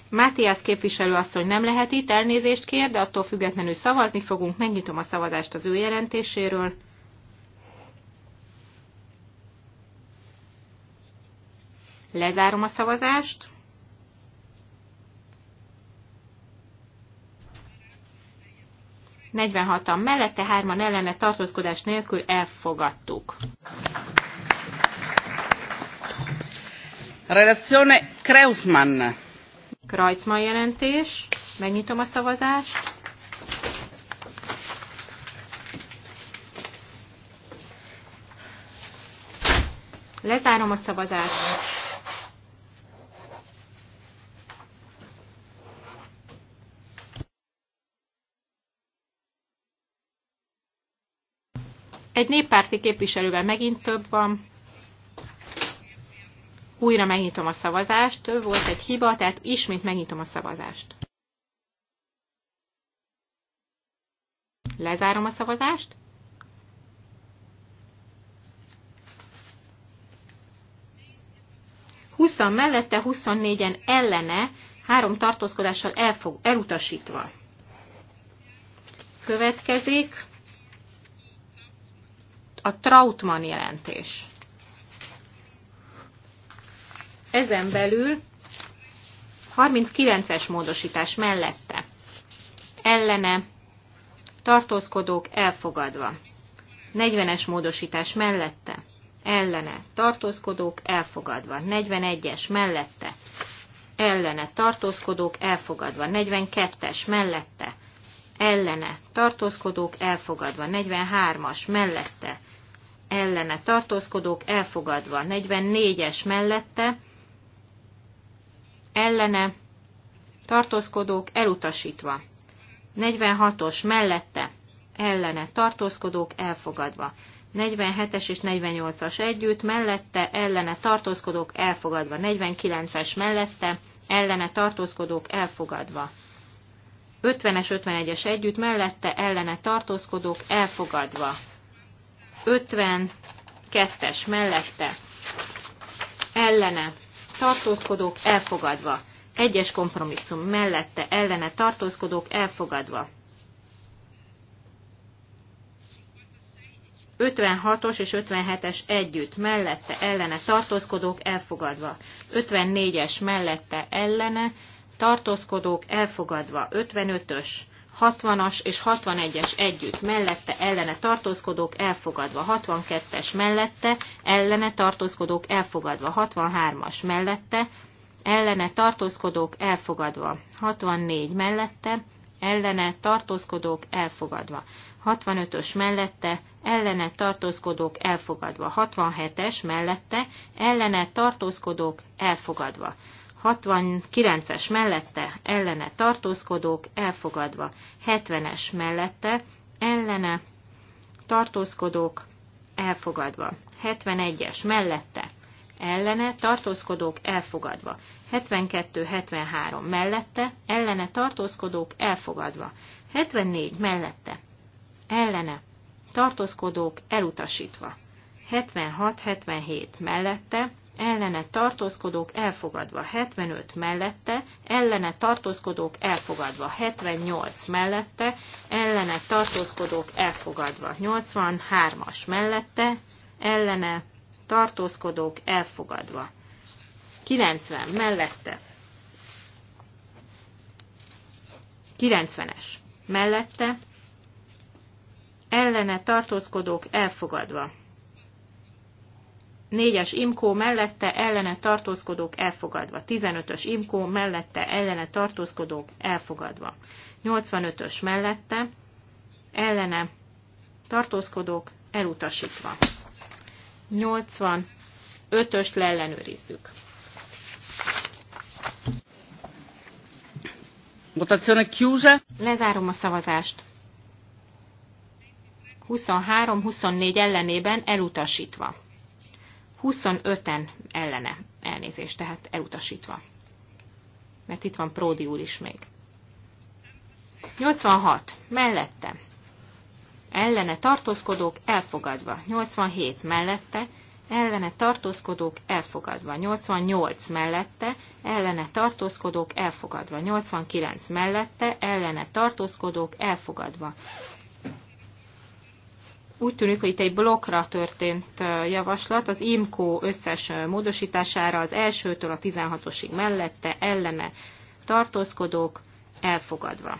képviselő képviselő asszony nem lehet itt, elnézést kér, de attól függetlenül szavazni fogunk. Megnyitom a szavazást az ő jelentéséről. Lezárom a szavazást. Negyvenhatan mellette, hárman ellene tartózkodás nélkül elfogadtuk. Relazione Kreuzmann. Kreuzmann jelentés. Megnyitom a szavazást. Lezárom a szavazást. Egy néppárti képviselővel megint több van. Újra megnyitom a szavazást, volt egy hiba, tehát ismét megnyitom a szavazást. Lezárom a szavazást. Huszan mellette, 24-en ellene, három tartózkodással elfog, elutasítva. Következik a Trautmann jelentés. Ezen belül 39-es módosítás mellette ellene tartózkodók elfogadva. 40-es módosítás mellette ellene tartózkodók elfogadva. 41-es mellette ellene tartózkodók elfogadva. 42-es mellette ellene tartózkodók elfogadva. 43-as mellette ellene tartózkodók elfogadva. 44-es mellette ellene, tartózkodók elutasítva. 46-os mellette, ellene, tartózkodók elfogadva. 47-es és 48-as együtt, mellette, ellene, tartózkodók elfogadva. 49-es mellette, ellene, tartózkodók elfogadva. 50-es, 51-es együtt, mellette, ellene, tartózkodók elfogadva. 52-es mellette, ellene, tartózkodók elfogadva. Egyes kompromisszum mellette ellene tartózkodók elfogadva. 56-os és 57-es együtt, mellette ellene tartózkodók elfogadva. 54-es mellette ellene tartózkodók elfogadva. 55-ös 60-as és 61-es együtt mellette ellene tartózkodók elfogadva, 62-es mellette ellene tartózkodók elfogadva, 63-as mellette ellene tartózkodók elfogadva, 64 mellette ellene tartózkodók elfogadva, 65-ös mellette ellene tartózkodók elfogadva, 67-es mellette ellene tartózkodók elfogadva. 69-es mellette ellene tartózkodók elfogadva, 70-es mellette ellene tartózkodók elfogadva, 71-es mellette ellene tartózkodók elfogadva, 72-73 mellette ellene tartózkodók elfogadva, 74 mellette ellene tartózkodók elutasítva, 76-77 mellette ellene tartózkodók elfogadva 75 mellette, ellene tartózkodók elfogadva 78 mellette, ellene tartózkodók elfogadva 83-as mellette, ellene tartózkodók elfogadva 90 mellette, 90-es mellette, ellene tartózkodók elfogadva 4-es imkó mellette ellene tartózkodók elfogadva. 15-ös imkó mellette ellene tartózkodók elfogadva. 85-ös mellette ellene tartózkodók elutasítva. 85-öst leellenőrizzük. Votazione chiusa. Lezárom a szavazást. 23-24 ellenében elutasítva. 25-en ellene elnézést, tehát elutasítva. Mert itt van Pródi úr is még. 86. Mellette. Ellene tartózkodók elfogadva. 87. Mellette. Ellene tartózkodók elfogadva. 88. Mellette. Ellene tartózkodók elfogadva. 89. Mellette. Ellene tartózkodók elfogadva úgy tűnik, hogy itt egy blokkra történt javaslat, az IMCO összes módosítására az elsőtől a 16-osig mellette ellene tartózkodók elfogadva.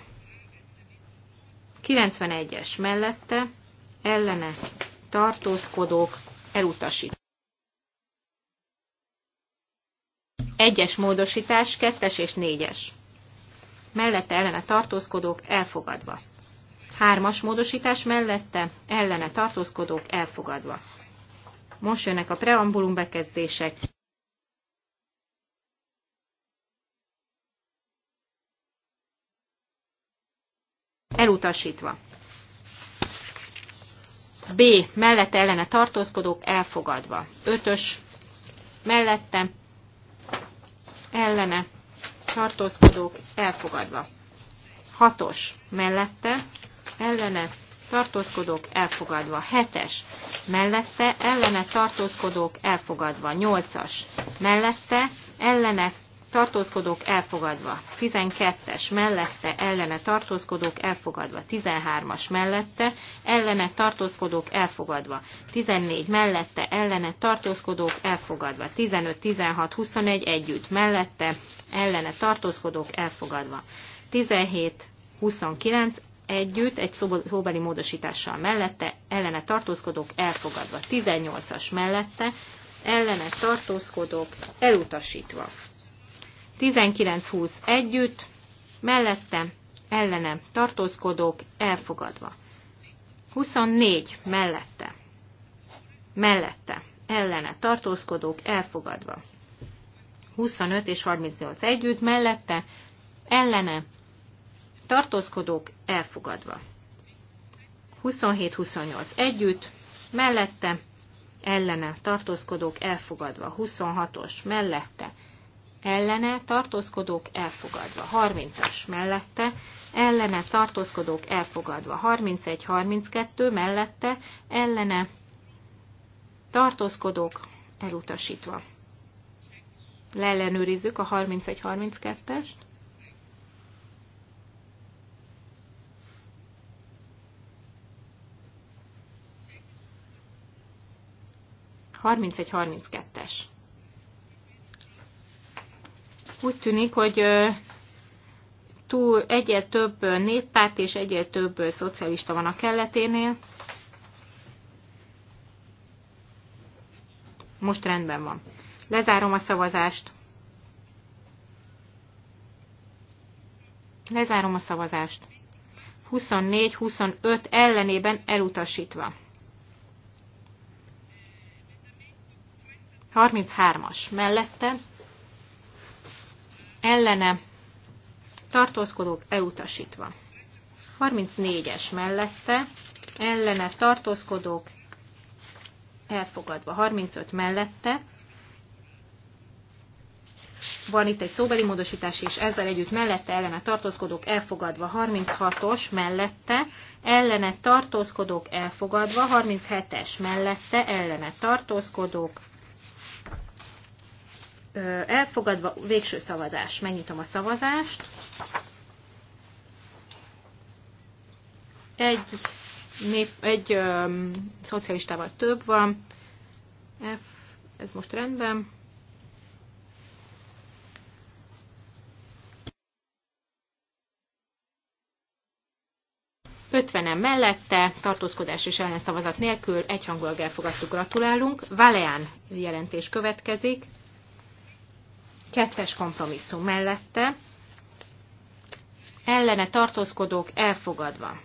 91-es mellette ellene tartózkodók elutasítva. Egyes módosítás, kettes és négyes. Mellette ellene tartózkodók elfogadva. Hármas módosítás mellette ellene tartózkodók elfogadva. Most jönnek a preambulum bekezdések. Elutasítva. B. Mellette ellene tartózkodók elfogadva. ötös mellette ellene tartózkodók elfogadva. hatos mellette ellene tartózkodók elfogadva. 7-es mellette ellene tartózkodók elfogadva. 8-as mellette ellene tartózkodók elfogadva. 12-es mellette ellene tartózkodók elfogadva. 13-as mellette ellene tartózkodók elfogadva. 14 mellette ellene tartózkodók elfogadva. 15, 16, 21 együtt mellette ellene tartózkodók elfogadva. 17, 29 együtt, egy szóbeli módosítással mellette, ellene tartózkodók elfogadva, 18-as mellette, ellene tartózkodók elutasítva. 19-20 együtt, mellette, ellene tartózkodók elfogadva. 24 mellette, mellette, ellene tartózkodók elfogadva. 25 és 38 együtt, mellette, ellene tartózkodók elfogadva. 27-28 együtt, mellette, ellene, tartózkodók elfogadva. 26-os, mellette, ellene, tartózkodók elfogadva. 30-as, mellette, ellene, tartózkodók elfogadva. 31-32, mellette, ellene, tartózkodók elutasítva. Leellenőrizzük a 31-32-est. 31-32-es. Úgy tűnik, hogy túl egyet több néppárt és egyet több szocialista van a kelleténél. Most rendben van. Lezárom a szavazást. Lezárom a szavazást. 24-25 ellenében elutasítva. 33-as mellette ellene tartózkodók elutasítva. 34-es mellette ellene tartózkodók elfogadva. 35 mellette van itt egy szóbeli módosítás, és ezzel együtt mellette ellene tartózkodók elfogadva 36-os mellette, ellene tartózkodók elfogadva 37-es mellette, ellene tartózkodók elfogadva, végső szavazás. Megnyitom a szavazást. Egy, nép, egy öm, szocialistával több van. F, ez most rendben. Ötvenen mellette, tartózkodás és ellenszavazat nélkül egyhangulag elfogadtuk, gratulálunk. Valéán jelentés következik. Kettes kompromisszum mellette. Ellene tartózkodók elfogadva.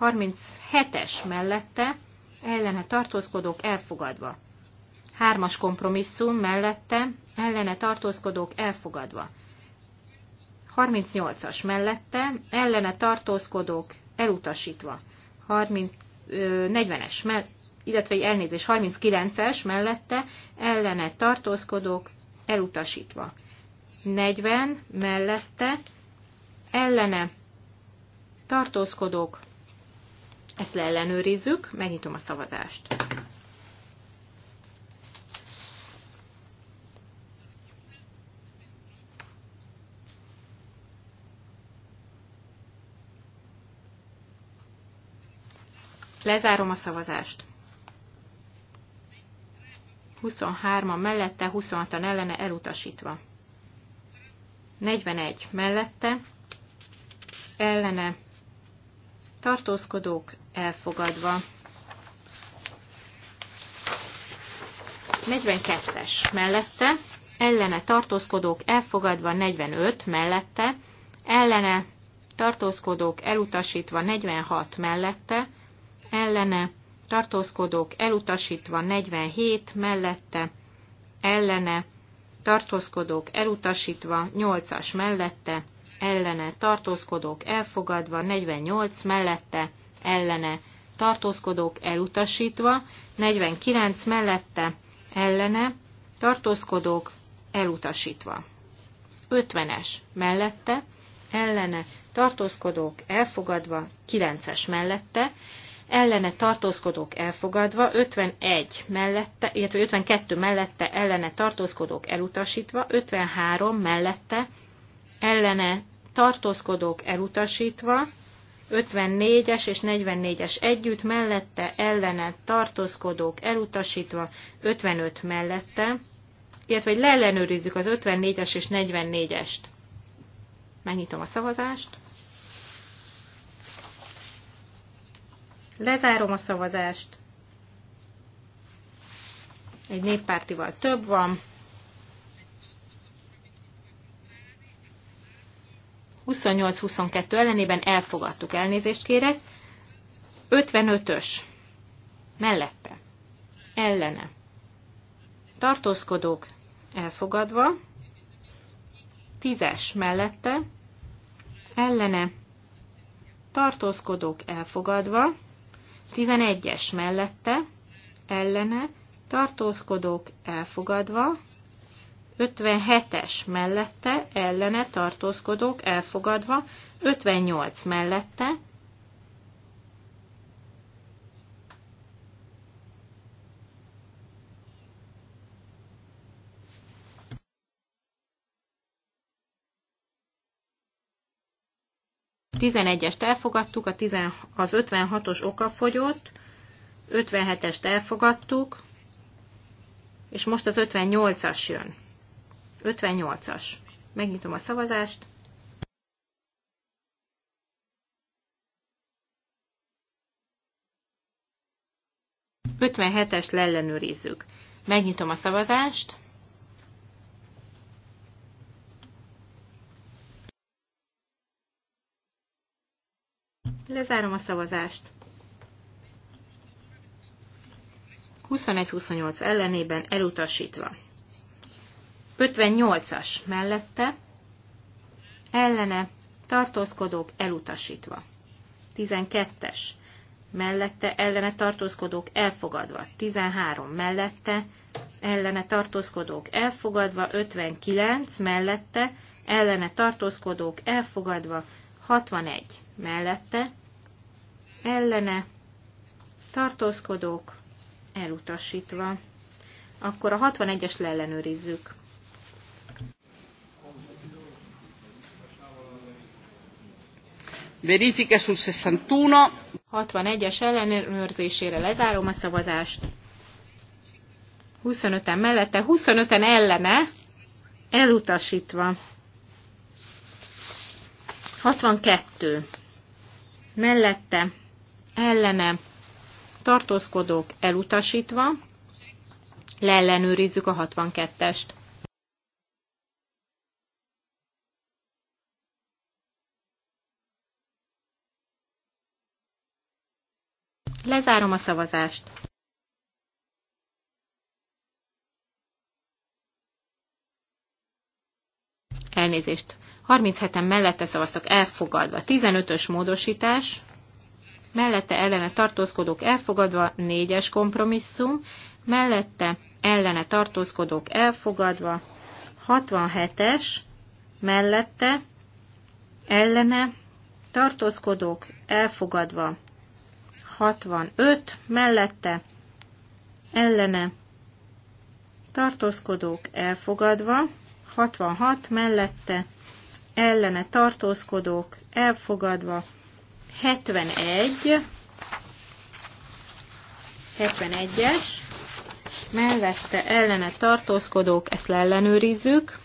37-es mellette. Ellene tartózkodók elfogadva. Hármas kompromisszum mellette. Ellene tartózkodók elfogadva. 38-as mellette. Ellene tartózkodók elutasítva. 30, 40-es, illetve egy elnézés 39-es mellette ellene tartózkodók elutasítva. 40 mellette ellene tartózkodók, ezt leellenőrizzük, megnyitom a szavazást. Lezárom a szavazást. 23-an mellette, 26-an ellene elutasítva. 41 mellette, ellene tartózkodók elfogadva. 42-es mellette, ellene tartózkodók elfogadva, 45 mellette, ellene tartózkodók elutasítva, 46 mellette, ellene tartózkodók elutasítva 47 mellette, ellene, tartózkodók elutasítva 8-as mellette, ellene, tartózkodók elfogadva 48 mellette, ellene, tartózkodók elutasítva 49 mellette, ellene, tartózkodók elutasítva. 50-es mellette, ellene, tartózkodók elfogadva 9-es mellette, ellene tartózkodók elfogadva, 51 mellette, illetve 52 mellette ellene tartózkodók elutasítva, 53 mellette ellene tartózkodók elutasítva, 54-es és 44-es együtt, mellette ellene tartózkodók elutasítva, 55 mellette, illetve hogy leellenőrizzük az 54-es és 44-est. Megnyitom a szavazást. Lezárom a szavazást. Egy néppártival több van. 28-22 ellenében elfogadtuk, elnézést kérek. 55-ös. Mellette. Ellene. Tartózkodók elfogadva. 10-es mellette. Ellene. Tartózkodók elfogadva. 11-es mellette, ellene, tartózkodók elfogadva, 57-es mellette, ellene, tartózkodók elfogadva, 58 mellette, 11-est elfogadtuk, a 10, az 56-os oka fogyott, 57-est elfogadtuk, és most az 58-as jön. 58-as. Megnyitom a szavazást. Ötvenhetest leellenőrizzük. Megnyitom a szavazást. Lezárom a szavazást. 21-28 ellenében elutasítva. 58-as mellette, ellene tartózkodók elutasítva. 12-es mellette ellene tartózkodók elfogadva. 13 mellette ellene tartózkodók elfogadva. 59 mellette ellene tartózkodók elfogadva. 61 mellette ellene tartózkodók elutasítva. Akkor a 61-es leellenőrizzük. Verifica sul 61. 61-es ellenőrzésére lezárom a szavazást. 25-en mellette, 25-en ellene, elutasítva. 62. Mellette, ellene tartózkodók elutasítva, leellenőrizzük a 62-est. Lezárom a szavazást. Elnézést. 37-en mellette szavaztak elfogadva. 15-ös módosítás mellette ellene tartózkodók elfogadva, négyes kompromisszum, mellette ellene tartózkodók elfogadva, 67-es, mellette ellene tartózkodók elfogadva, 65, mellette ellene tartózkodók elfogadva, 66 mellette ellene tartózkodók elfogadva, 71, 71-es, mellette ellene tartózkodók, ezt leellenőrizzük.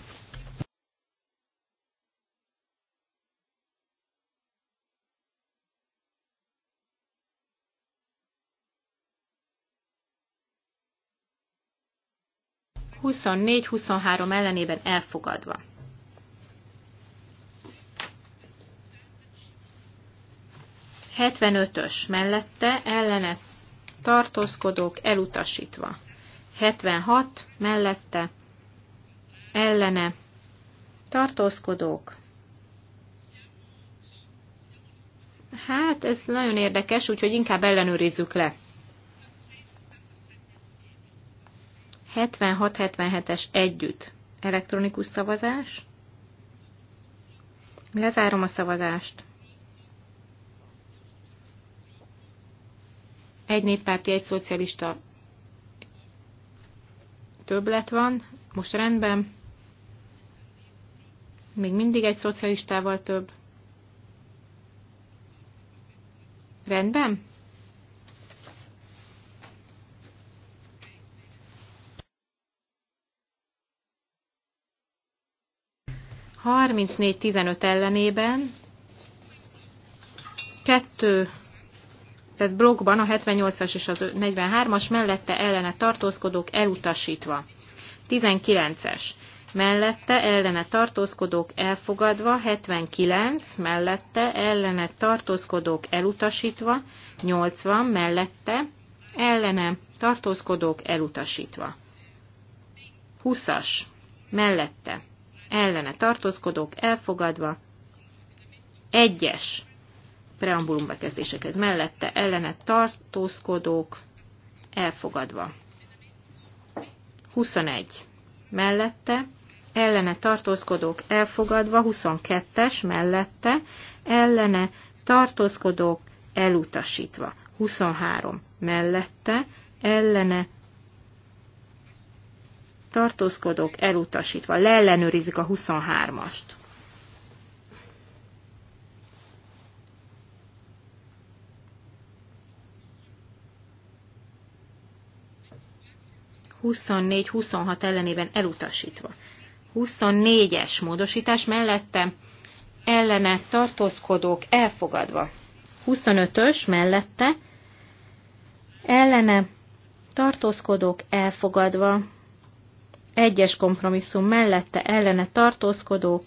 Huszonnégy-huszonhárom ellenében elfogadva. 75-ös mellette ellene tartózkodók elutasítva. 76 mellette ellene tartózkodók. Hát ez nagyon érdekes, úgyhogy inkább ellenőrizzük le. 76-77-es együtt elektronikus szavazás. Lezárom a szavazást. Egy néppárti, egy szocialista többlet van, most rendben. Még mindig egy szocialistával több. Rendben? Harmincnégy tizenöt ellenében kettő tehát blokkban a 78-as és az 43-as mellette ellene tartózkodók elutasítva. 19-es mellette ellene tartózkodók elfogadva, 79 mellette ellene tartózkodók elutasítva, 80 mellette ellene tartózkodók elutasítva. 20-as mellette ellene tartózkodók elfogadva, 1-es preambulum bekezdésekhez mellette ellene tartózkodók elfogadva. 21. Mellette ellene tartózkodók elfogadva, 22-es mellette ellene tartózkodók elutasítva, 23 mellette ellene tartózkodók elutasítva, leellenőrizik a 23-ast. 24-26 ellenében elutasítva. 24-es módosítás mellette ellene tartózkodók elfogadva. 25-ös mellette ellene tartózkodók elfogadva. Egyes kompromisszum mellette ellene tartózkodók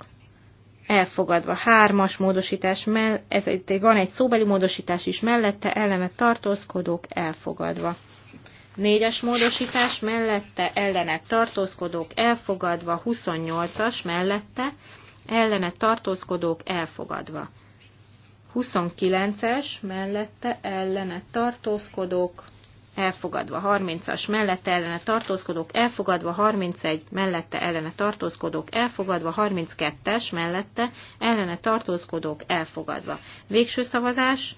elfogadva. 3-as módosítás, mellette, ez, van egy szóbeli módosítás is mellette, ellene tartózkodók elfogadva négyes módosítás mellette ellene tartózkodók elfogadva, 28-as mellette ellene tartózkodók elfogadva. 29-es mellette ellene tartózkodók elfogadva, 30-as mellette ellene tartózkodók elfogadva, 31 mellette ellene tartózkodók elfogadva, 32-es mellette ellene tartózkodók elfogadva. Végső szavazás,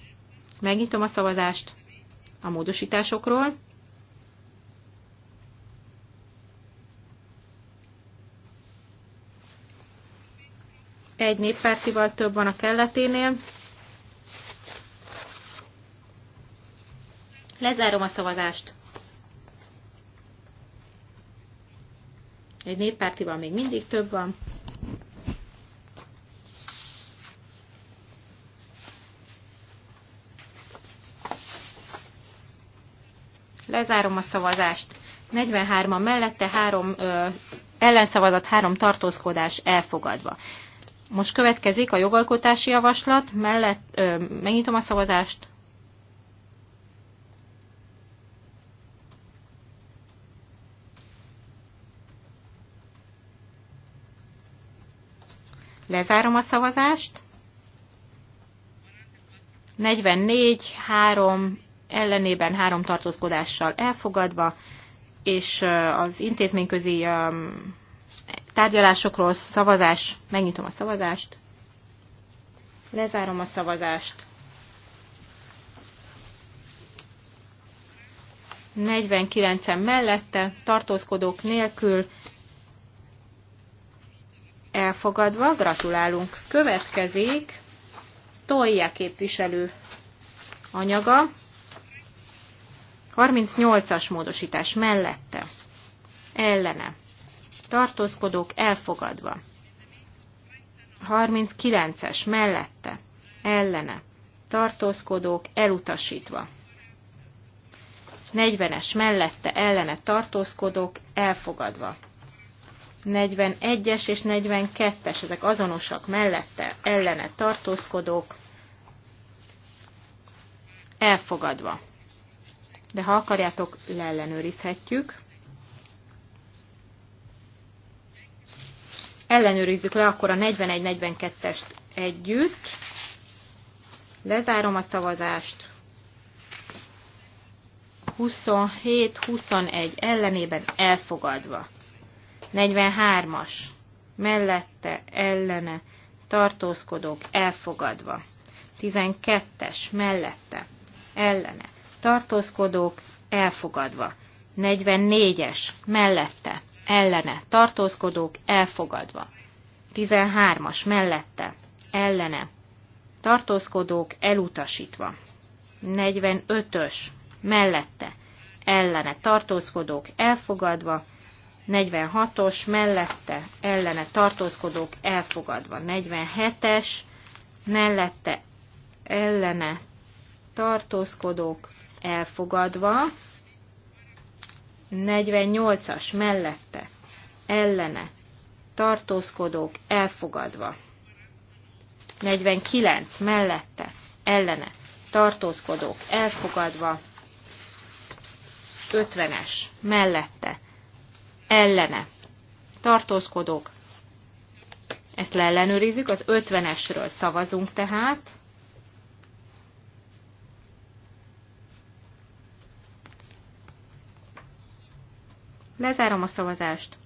megnyitom a szavazást a módosításokról. Egy néppártival több van a kelleténél. Lezárom a szavazást. Egy néppártival még mindig több van. Lezárom a szavazást. 43-an mellette, 3 ö, ellenszavazat, 3 tartózkodás elfogadva. Most következik a jogalkotási javaslat, mellett ö, megnyitom a szavazást. Lezárom a szavazást. 44, 3 ellenében, 3 tartózkodással elfogadva, és az intézményközi tárgyalásokról szavazás. Megnyitom a szavazást. Lezárom a szavazást. 49-en mellette, tartózkodók nélkül elfogadva. Gratulálunk! Következik Tolja képviselő anyaga. 38-as módosítás mellette, ellene tartózkodók elfogadva. 39-es mellette, ellene, tartózkodók elutasítva. 40-es mellette, ellene, tartózkodók elfogadva. 41-es és 42-es, ezek azonosak mellette, ellene, tartózkodók elfogadva. De ha akarjátok, leellenőrizhetjük. ellenőrizzük le akkor a 41-42-est együtt. Lezárom a szavazást. 27-21 ellenében elfogadva. 43-as mellette ellene tartózkodók elfogadva. 12-es mellette ellene tartózkodók elfogadva. 44-es mellette ellene tartózkodók elfogadva. 13-as mellette ellene tartózkodók elutasítva. 45-ös mellette ellene tartózkodók elfogadva. 46-os mellette ellene tartózkodók elfogadva. 47-es mellette ellene tartózkodók elfogadva. 48-as mellette, ellene, tartózkodók elfogadva. 49 mellette, ellene, tartózkodók elfogadva. 50-es mellette, ellene, tartózkodók. Ezt leellenőrizzük, az 50-esről szavazunk tehát. Lezárom a szavazást.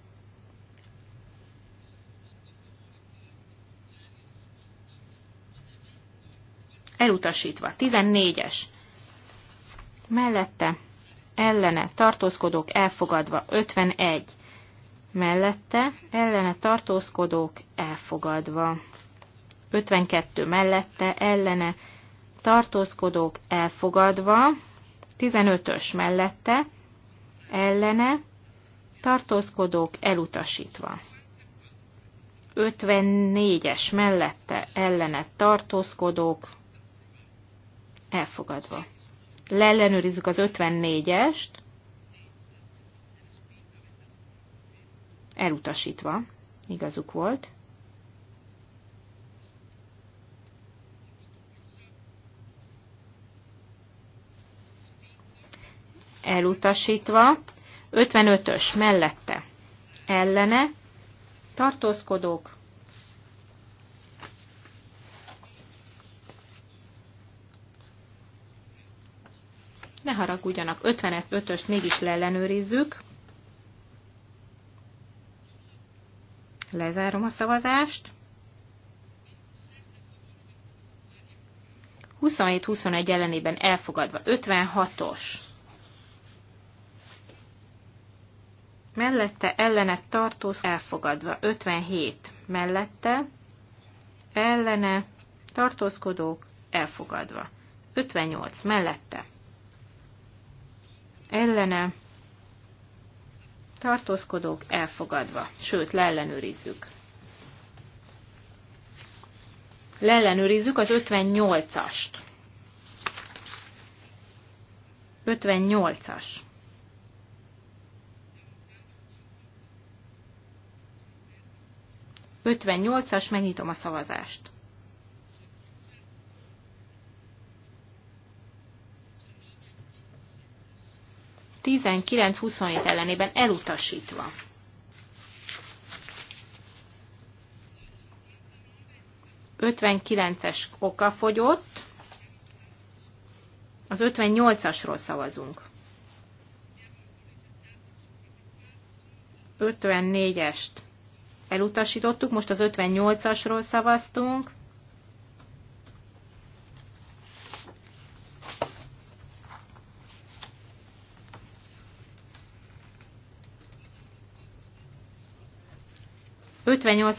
Elutasítva. 14-es. Mellette. Ellene. Tartózkodók elfogadva. 51. Mellette. Ellene. Tartózkodók elfogadva. 52 mellette, ellene, tartózkodók elfogadva, 15-ös mellette, ellene, tartózkodók elutasítva. 54-es mellette ellene tartózkodók elfogadva. Leellenőrizzük az 54-est, elutasítva, igazuk volt. Elutasítva, 55-ös mellette ellene tartózkodók, ne haragudjanak, 55-öst mégis leellenőrizzük. Lezárom a szavazást. 27-21 ellenében elfogadva 56-os mellette ellenet tartóz elfogadva 57, mellette ellene tartózkodók elfogadva 58, mellette ellene tartózkodók elfogadva, sőt leellenőrizzük. Leellenőrizzük az 58-ast. 58-as. 58-as, megnyitom a szavazást. Tizenkilenc huszonhét ellenében elutasítva. Ötvenkilences oka fogyott. Az 58-asról szavazunk. 54-est elutasítottuk, most az 58-asról szavaztunk.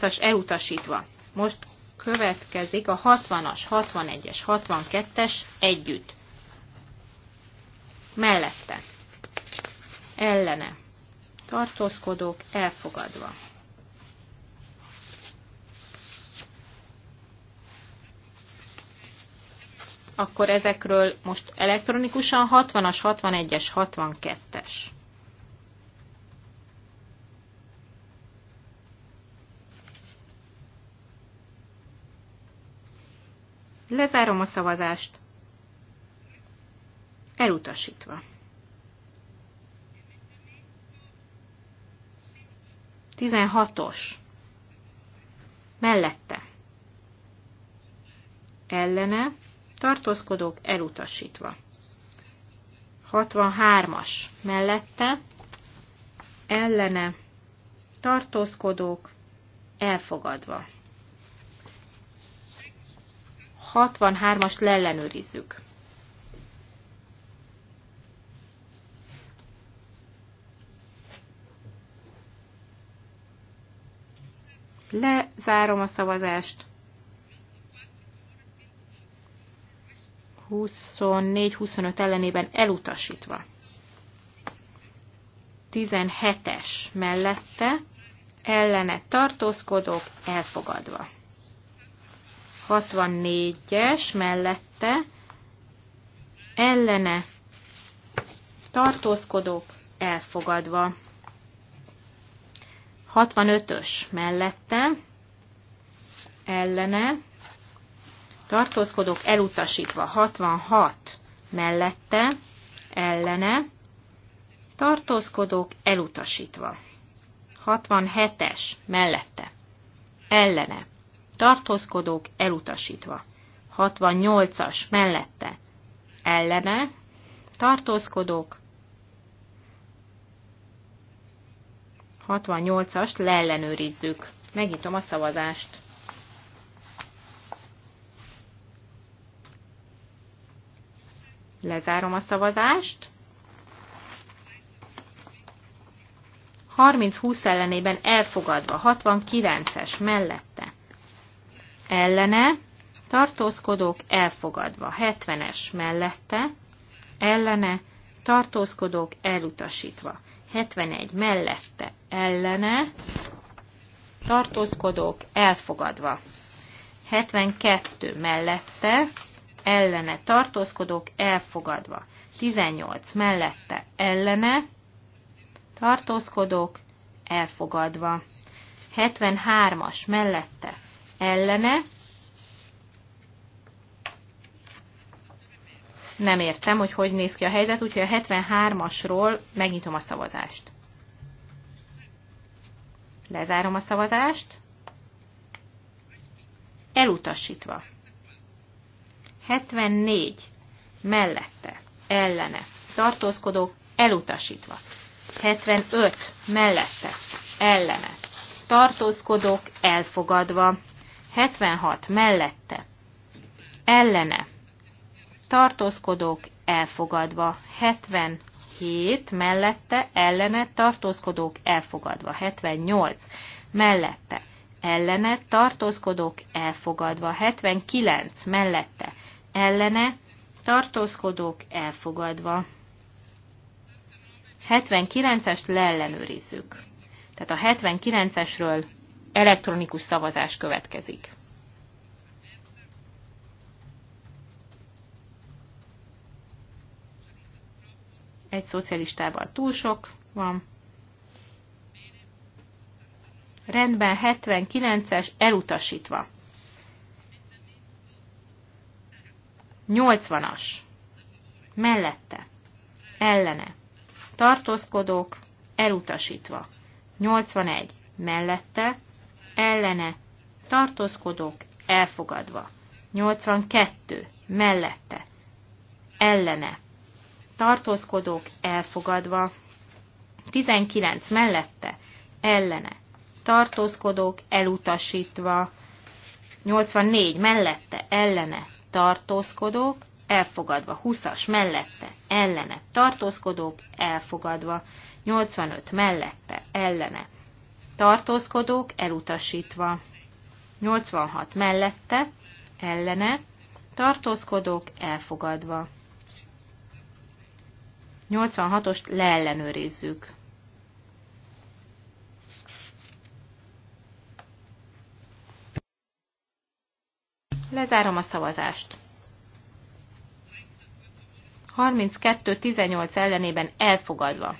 as elutasítva. Most következik a 60-as, 61-es, 62-es együtt. Mellette. Ellene. Tartózkodók elfogadva. akkor ezekről most elektronikusan 60-as, 61-es, 62-es. Lezárom a szavazást. Elutasítva. 16-os. Mellette. Ellene tartózkodók elutasítva. 63-as mellette ellene tartózkodók elfogadva. 63-ast leellenőrizzük. Lezárom a szavazást. 24-25 ellenében elutasítva. 17-es mellette ellene tartózkodók elfogadva. 64-es mellette ellene tartózkodók elfogadva. 65-ös mellette ellene tartózkodók elutasítva 66 mellette, ellene, tartózkodók elutasítva 67-es mellette, ellene, tartózkodók elutasítva 68-as mellette, ellene, tartózkodók 68-ast leellenőrizzük. Megnyitom a szavazást. Lezárom a szavazást. 30-20 ellenében elfogadva, 69-es mellette. Ellene, tartózkodók elfogadva, 70-es mellette. Ellene, tartózkodók elutasítva, 71 mellette. Ellene, tartózkodók elfogadva, 72 mellette ellene tartózkodók elfogadva. 18 mellette ellene tartózkodók elfogadva. 73-as mellette ellene nem értem, hogy hogy néz ki a helyzet, úgyhogy a 73-asról megnyitom a szavazást. Lezárom a szavazást. Elutasítva. 74 mellette, ellene, tartózkodók elutasítva. 75 mellette, ellene, tartózkodók elfogadva. 76 mellette, ellene, tartózkodók elfogadva. 77 mellette, ellene, tartózkodók elfogadva. 78 mellette, ellene, tartózkodók elfogadva. 79 mellette, ellene, tartózkodók elfogadva. 79-est leellenőrizzük. Tehát a 79-esről elektronikus szavazás következik. Egy szocialistával túl sok van. Rendben, 79-es elutasítva. 80-as. Mellette. Ellene. Tartózkodók. Elutasítva. 81. Mellette. Ellene. Tartózkodók. Elfogadva. 82. Mellette. Ellene. Tartózkodók. Elfogadva. 19. Mellette. Ellene. Tartózkodók. Elutasítva. 84. Mellette. Ellene tartózkodók, elfogadva. 20-as mellette, ellene, tartózkodók, elfogadva. 85 mellette, ellene, tartózkodók, elutasítva. 86 mellette, ellene, tartózkodók, elfogadva. 86-ost leellenőrizzük. Lezárom a szavazást. 32-18 ellenében elfogadva.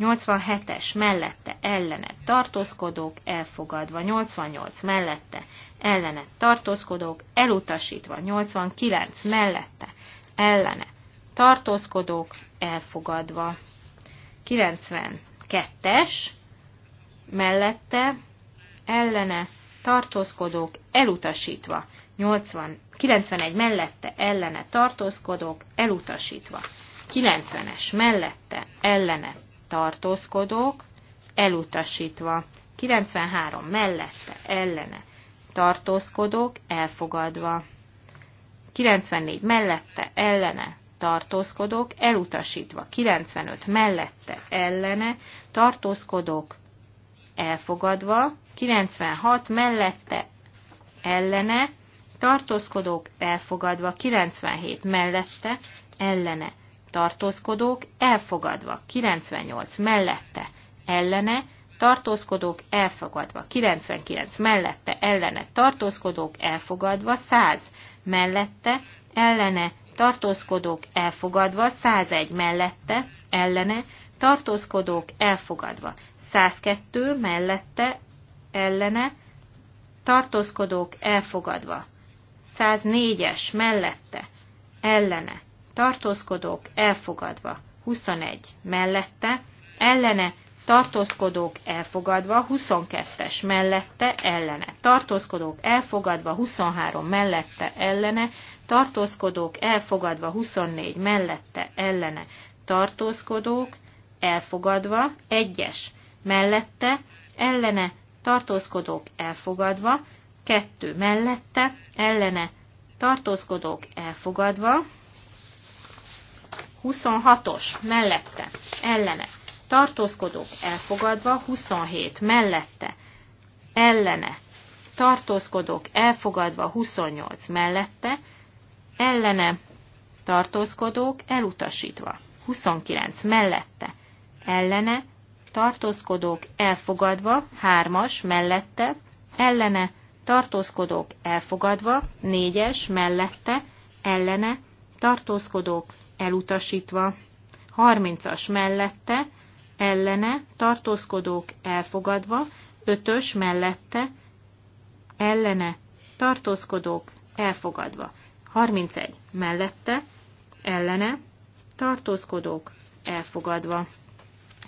87-es mellette ellene tartózkodók elfogadva, 88 mellette ellene tartózkodók elutasítva, 89 mellette ellene tartózkodók elfogadva, 92-es mellette ellene tartózkodók elutasítva. 80, 91 mellette ellene tartózkodók elutasítva. 90-es mellette ellene tartózkodók elutasítva. 93 mellette ellene tartózkodók elfogadva. 94 mellette ellene tartózkodók elutasítva. 95 mellette ellene tartózkodók elfogadva, 96 mellette ellene, tartózkodók elfogadva, 97 mellette ellene, tartózkodók elfogadva, 98 mellette ellene, tartózkodók elfogadva, 99 mellette ellene, tartózkodók elfogadva, 100 mellette ellene, tartózkodók elfogadva, 101 mellette ellene, tartózkodók elfogadva, 102 mellette ellene tartózkodók elfogadva. 104-es mellette ellene tartózkodók elfogadva. 21 mellette ellene tartózkodók elfogadva, 22-es mellette ellene, tartózkodók elfogadva, 23 mellette ellene, tartózkodók elfogadva, 24 mellette ellene, tartózkodók elfogadva, 1-es mellette, ellene tartózkodók elfogadva, kettő mellette, ellene tartózkodók elfogadva, 26-os mellette, ellene tartózkodók elfogadva, 27 mellette, ellene tartózkodók elfogadva, 28 mellette, ellene tartózkodók elutasítva, 29 mellette, ellene tartózkodók elfogadva, hármas mellette, ellene, tartózkodók elfogadva, négyes mellette, ellene, tartózkodók elutasítva, harmincas mellette, ellene, tartózkodók elfogadva, ötös mellette, ellene, tartózkodók elfogadva, 31 mellette, ellene, tartózkodók elfogadva.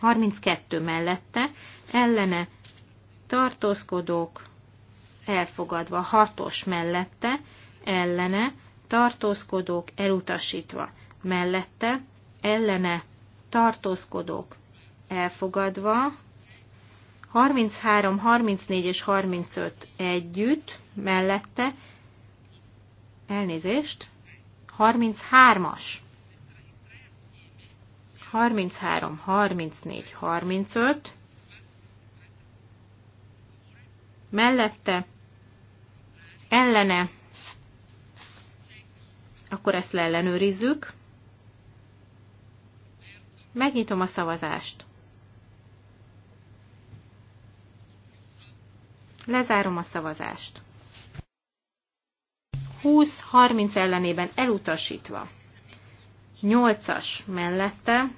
32 mellette, ellene tartózkodók elfogadva, 6-os mellette, ellene tartózkodók elutasítva, mellette, ellene tartózkodók elfogadva, 33, 34 és 35 együtt, mellette, elnézést, 33-as 33, 34, 35, mellette, ellene, akkor ezt leellenőrizzük. Megnyitom a szavazást. Lezárom a szavazást. 20-30 ellenében elutasítva. 8-as mellette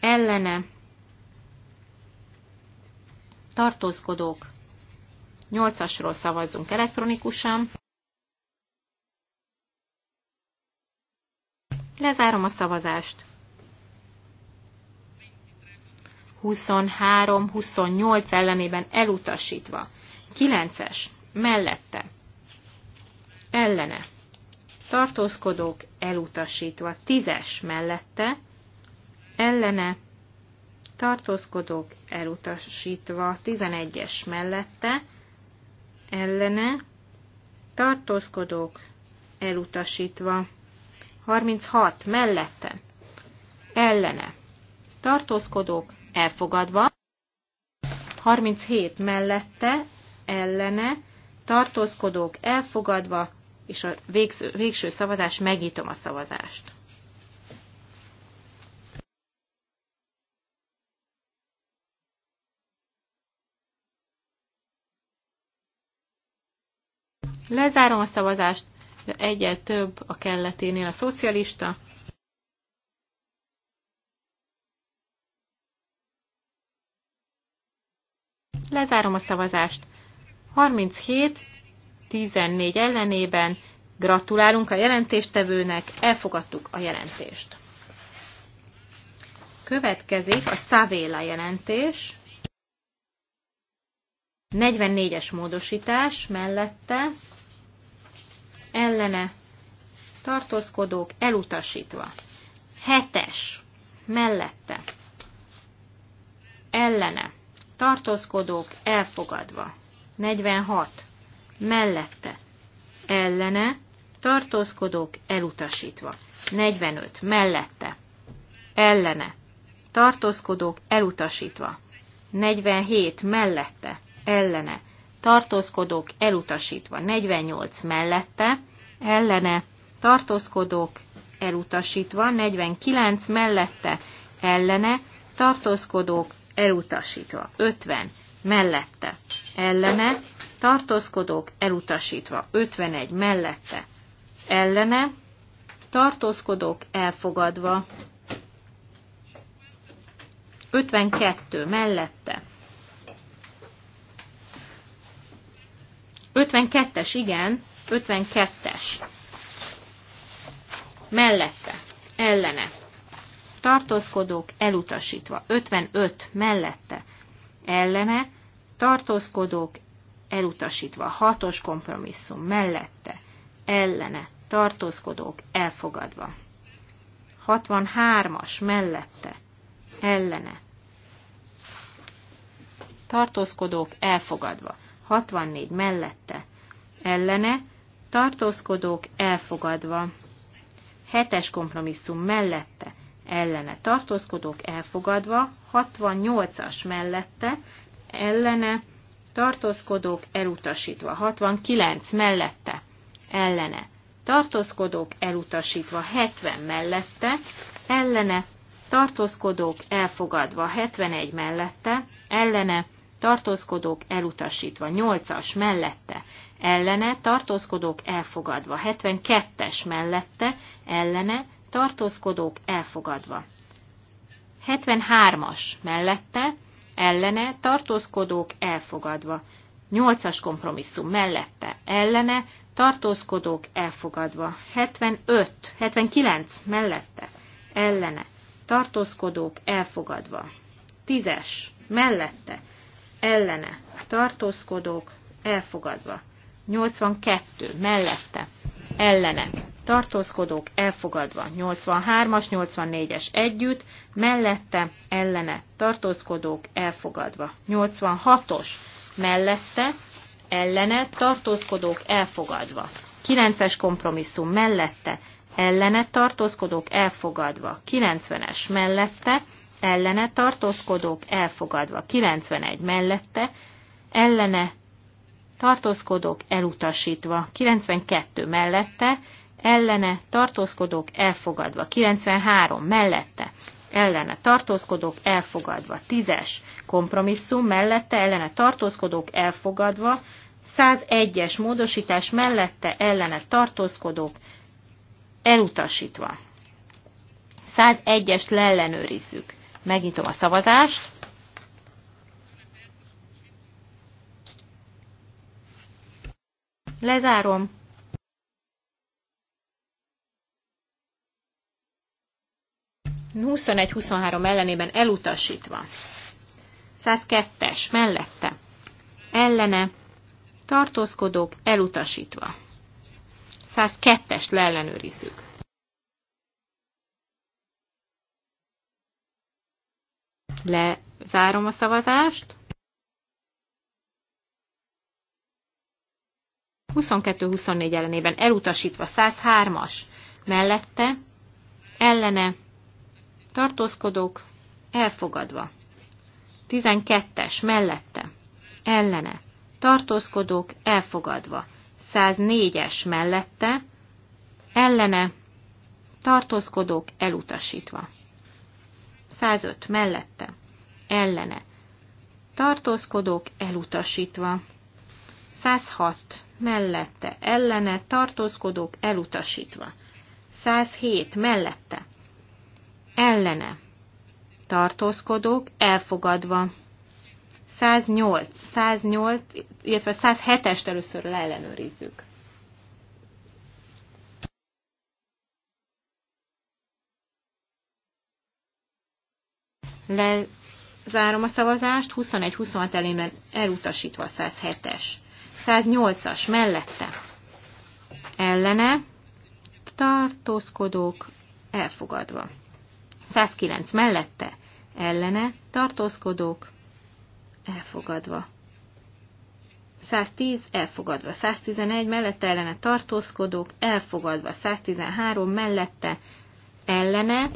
ellene tartózkodók Nyolcasról szavazzunk elektronikusan. Lezárom a szavazást. 23-28 ellenében elutasítva. 9-es, mellette, ellene, tartózkodók elutasítva. 10-es mellette, ellene tartózkodók elutasítva, 11-es mellette ellene tartózkodók elutasítva, 36 mellette ellene tartózkodók elfogadva, 37 mellette ellene tartózkodók elfogadva, és a végső, végső szavazás megnyitom a szavazást. Lezárom a szavazást, de egyel több a kelleténél a szocialista. Lezárom a szavazást. 37, 14 ellenében gratulálunk a jelentéstevőnek, elfogadtuk a jelentést. Következik a Szavéla jelentés. 44-es módosítás mellette ellene tartózkodók elutasítva. Hetes mellette ellene tartózkodók elfogadva. 46 mellette ellene tartózkodók elutasítva. 45 mellette ellene tartózkodók elutasítva. 47 mellette ellene tartózkodók elutasítva. 48 mellette ellene tartózkodók elutasítva, 49 mellette ellene tartózkodók elutasítva, 50 mellette ellene tartózkodók elutasítva, 51 mellette ellene tartózkodók elfogadva, 52 mellette 52-es igen, 52-es. Mellette, ellene. Tartózkodók elutasítva. 55 mellette, ellene. Tartózkodók elutasítva. 6-os kompromisszum mellette, ellene. Tartózkodók elfogadva. 63-as mellette, ellene. Tartózkodók elfogadva. 64 mellette, ellene, tartózkodók elfogadva. Hetes kompromisszum mellette ellene tartózkodók elfogadva, 68-as mellette ellene tartózkodók elutasítva, 69 mellette ellene tartózkodók elutasítva, 70 mellette ellene tartózkodók elfogadva, 71 mellette ellene tartózkodók elutasítva, 8-as mellette ellene, tartózkodók elfogadva, 72-es mellette ellene, tartózkodók elfogadva. 73-as mellette ellene, tartózkodók elfogadva, 8-as kompromisszum mellette ellene, tartózkodók elfogadva, 75, 79 mellette ellene, tartózkodók elfogadva, 10-es mellette ellene tartózkodók elfogadva. 82 mellette ellene tartózkodók elfogadva. 83-as, 84-es együtt mellette ellene tartózkodók elfogadva. 86-os mellette ellene tartózkodók elfogadva. 9-es kompromisszum mellette ellene tartózkodók elfogadva. 90-es mellette ellene tartózkodók elfogadva 91 mellette, ellene tartózkodók elutasítva 92 mellette, ellene tartózkodók elfogadva 93 mellette, ellene tartózkodók elfogadva 10-es kompromisszum mellette, ellene tartózkodók elfogadva 101-es módosítás mellette, ellene tartózkodók elutasítva. 101-est leellenőrizzük. Megnyitom a szavazást. Lezárom. ...21-23 ellenében elutasítva. 102-es mellette. Ellene. Tartózkodók elutasítva. 102-est leellenőrizzük. Lezárom a szavazást. 22-24 ellenében elutasítva 103-as mellette, ellene tartózkodók elfogadva. 12-es mellette, ellene tartózkodók elfogadva. 104-es mellette, ellene tartózkodók elutasítva. 105 mellette, ellene, tartózkodók elutasítva. 106 mellette, ellene, tartózkodók elutasítva. 107 mellette, ellene, tartózkodók elfogadva. 108, 108, illetve 107-est először leellenőrizzük. Lezárom a szavazást, 21-26 elében elutasítva a 107-es. 108-as mellette ellene tartózkodók elfogadva. 109 mellette ellene tartózkodók elfogadva. 110 elfogadva, 111 mellette ellene tartózkodók elfogadva, 113 mellette ellene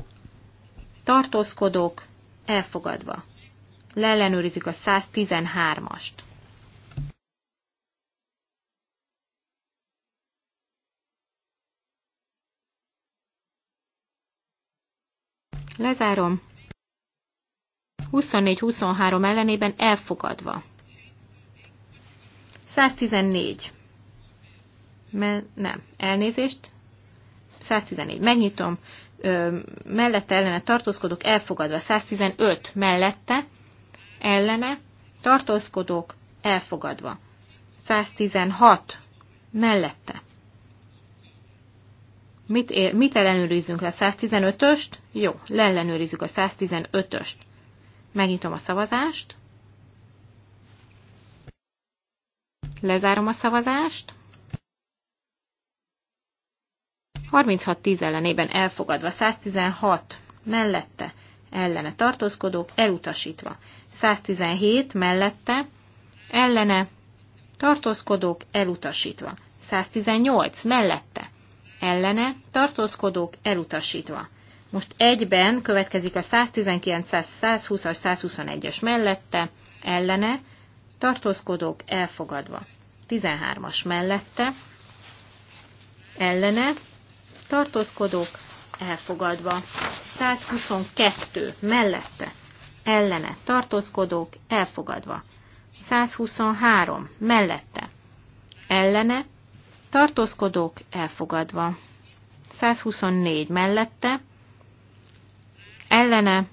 tartózkodók Elfogadva. Leellenőrizzük a 113-ast. Lezárom. 24-23 ellenében elfogadva. 114. Mert nem. Elnézést. 114 megnyitom, mellette ellene tartózkodok, elfogadva, 115 mellette ellene tartózkodok, elfogadva, 116 mellette. Mit, ér, mit ellenőrizzünk le? 115-öst? Jó, leellenőrizzük a 115-öst. Megnyitom a szavazást. Lezárom a szavazást. 36-10 ellenében elfogadva, 116 mellette ellene tartózkodók elutasítva, 117 mellette ellene tartózkodók elutasítva, 118 mellette ellene tartózkodók elutasítva. Most egyben következik a 119, 120-as, 121-es mellette, ellene, tartózkodók elfogadva. 13-as mellette, ellene, tartózkodók elfogadva. 122 mellette ellene tartózkodók elfogadva. 123 mellette ellene tartózkodók elfogadva. 124 mellette ellene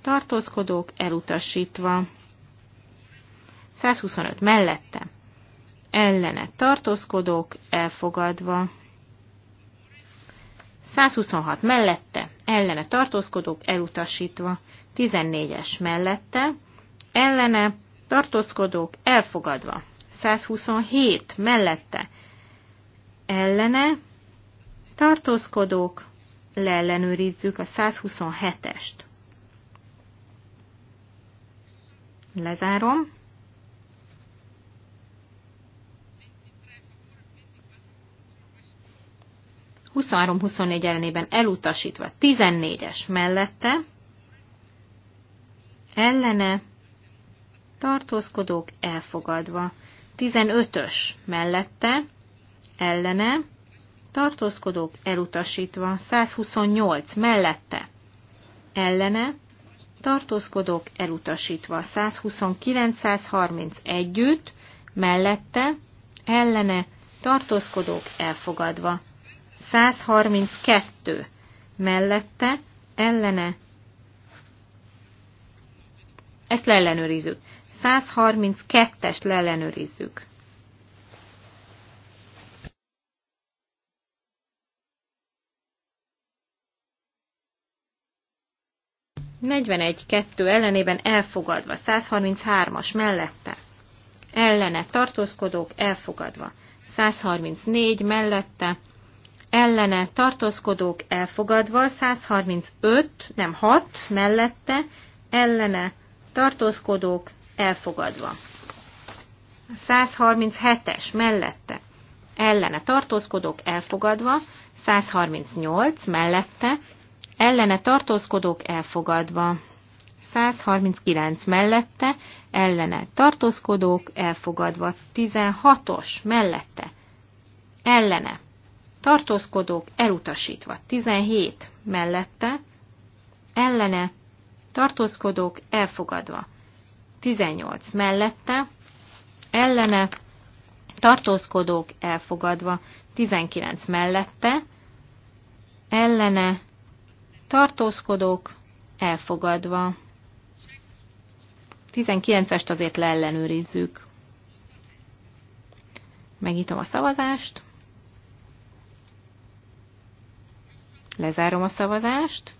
tartózkodók elutasítva. 125 mellette ellene tartózkodók elfogadva. 126 mellette, ellene tartózkodók elutasítva, 14-es mellette, ellene tartózkodók elfogadva, 127 mellette, ellene tartózkodók, leellenőrizzük a 127-est. Lezárom. 23-24 ellenében elutasítva 14-es mellette, ellene tartózkodók elfogadva 15-ös mellette, ellene tartózkodók elutasítva 128 mellette, ellene tartózkodók elutasítva 129-130 együtt, mellette, ellene tartózkodók elfogadva 132 mellette ellene. Ezt leellenőrizzük. 132-est leellenőrizzük. kettő ellenében elfogadva, 133-as mellette, ellene tartózkodók elfogadva, 134 mellette, ellene tartózkodók elfogadva, 135, nem 6, mellette ellene tartózkodók elfogadva. 137-es mellette ellene tartózkodók elfogadva, 138 mellette ellene tartózkodók elfogadva, 139 mellette ellene tartózkodók elfogadva, 16-os mellette ellene tartózkodók elutasítva 17 mellette, ellene tartózkodók elfogadva 18 mellette, ellene tartózkodók elfogadva 19 mellette, ellene tartózkodók elfogadva 19-est azért leellenőrizzük. Megnyitom a szavazást. Lezárom a szavazást.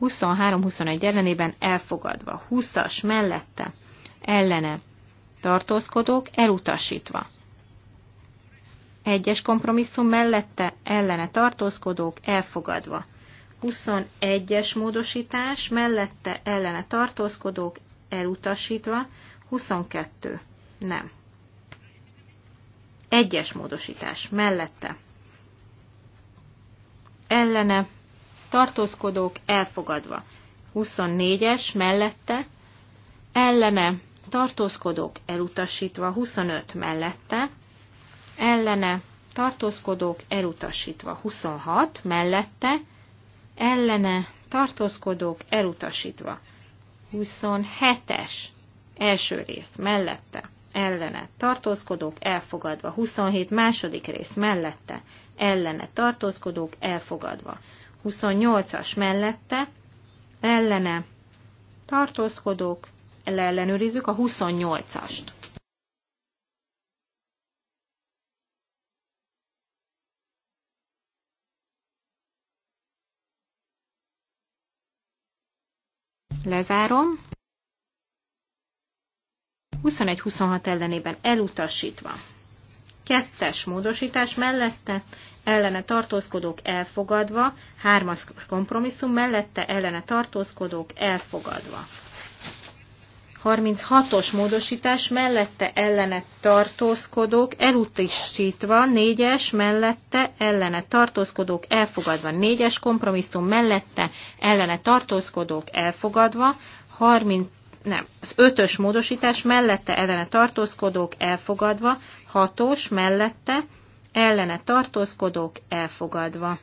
23-21 ellenében elfogadva, 20-as mellette, ellene, tartózkodók elutasítva. Egyes kompromisszum mellette, ellene tartózkodók elfogadva. 21-es módosítás mellette, ellene tartózkodók elutasítva. 22. Nem. Egyes módosítás mellette, ellene, tartózkodók elfogadva. 24-es mellette, ellene, tartózkodók elutasítva. 25 mellette, ellene, tartózkodók elutasítva. 26 mellette, ellene, tartózkodók elutasítva. 27-es első rész mellette ellene tartózkodók elfogadva. 27 második rész mellette ellene tartózkodók elfogadva. 28-as mellette ellene tartózkodók ellenőrizzük a 28-ast. Lezárom. 21-26 ellenében elutasítva. Kettes módosítás mellette ellene tartózkodók elfogadva, hármas kompromisszum mellette ellene tartózkodók elfogadva. 36-os módosítás mellette ellene tartózkodók elutasítva, 4-es mellette ellene tartózkodók elfogadva, 4-es kompromisszum mellette ellene tartózkodók elfogadva, 30 nem, az ötös módosítás mellette ellene tartózkodók elfogadva, hatos mellette ellene tartózkodók elfogadva,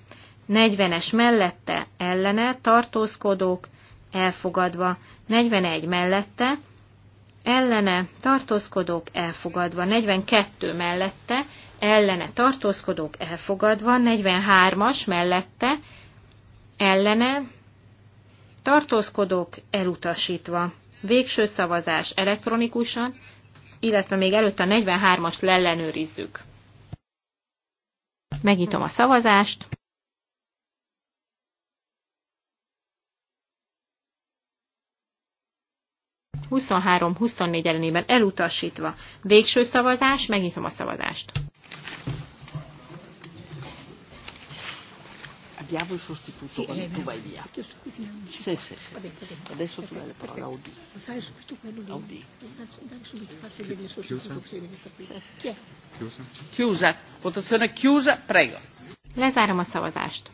Negyvenes mellette ellene tartózkodók elfogadva, Negyvenegy mellette ellene tartózkodók elfogadva, Negyvenkettő mellette ellene tartózkodók elfogadva, negyvenhármas mellette ellene tartózkodók elutasítva végső szavazás elektronikusan, illetve még előtt a 43-ast leellenőrizzük. Megnyitom a szavazást. Huszonhárom, 24 ellenében elutasítva. Végső szavazás, megnyitom a szavazást. abbiamo il sostituto sì, quando eh, tu eh, vai via. Io sto qui sì, sì, sì. Va bene, va Adesso tu dai la parola a Audi. Fare subito quello lì. Audi. Andare Chiusa. Chiusa. Votazione chiusa, prego. Lezárom a szavazást.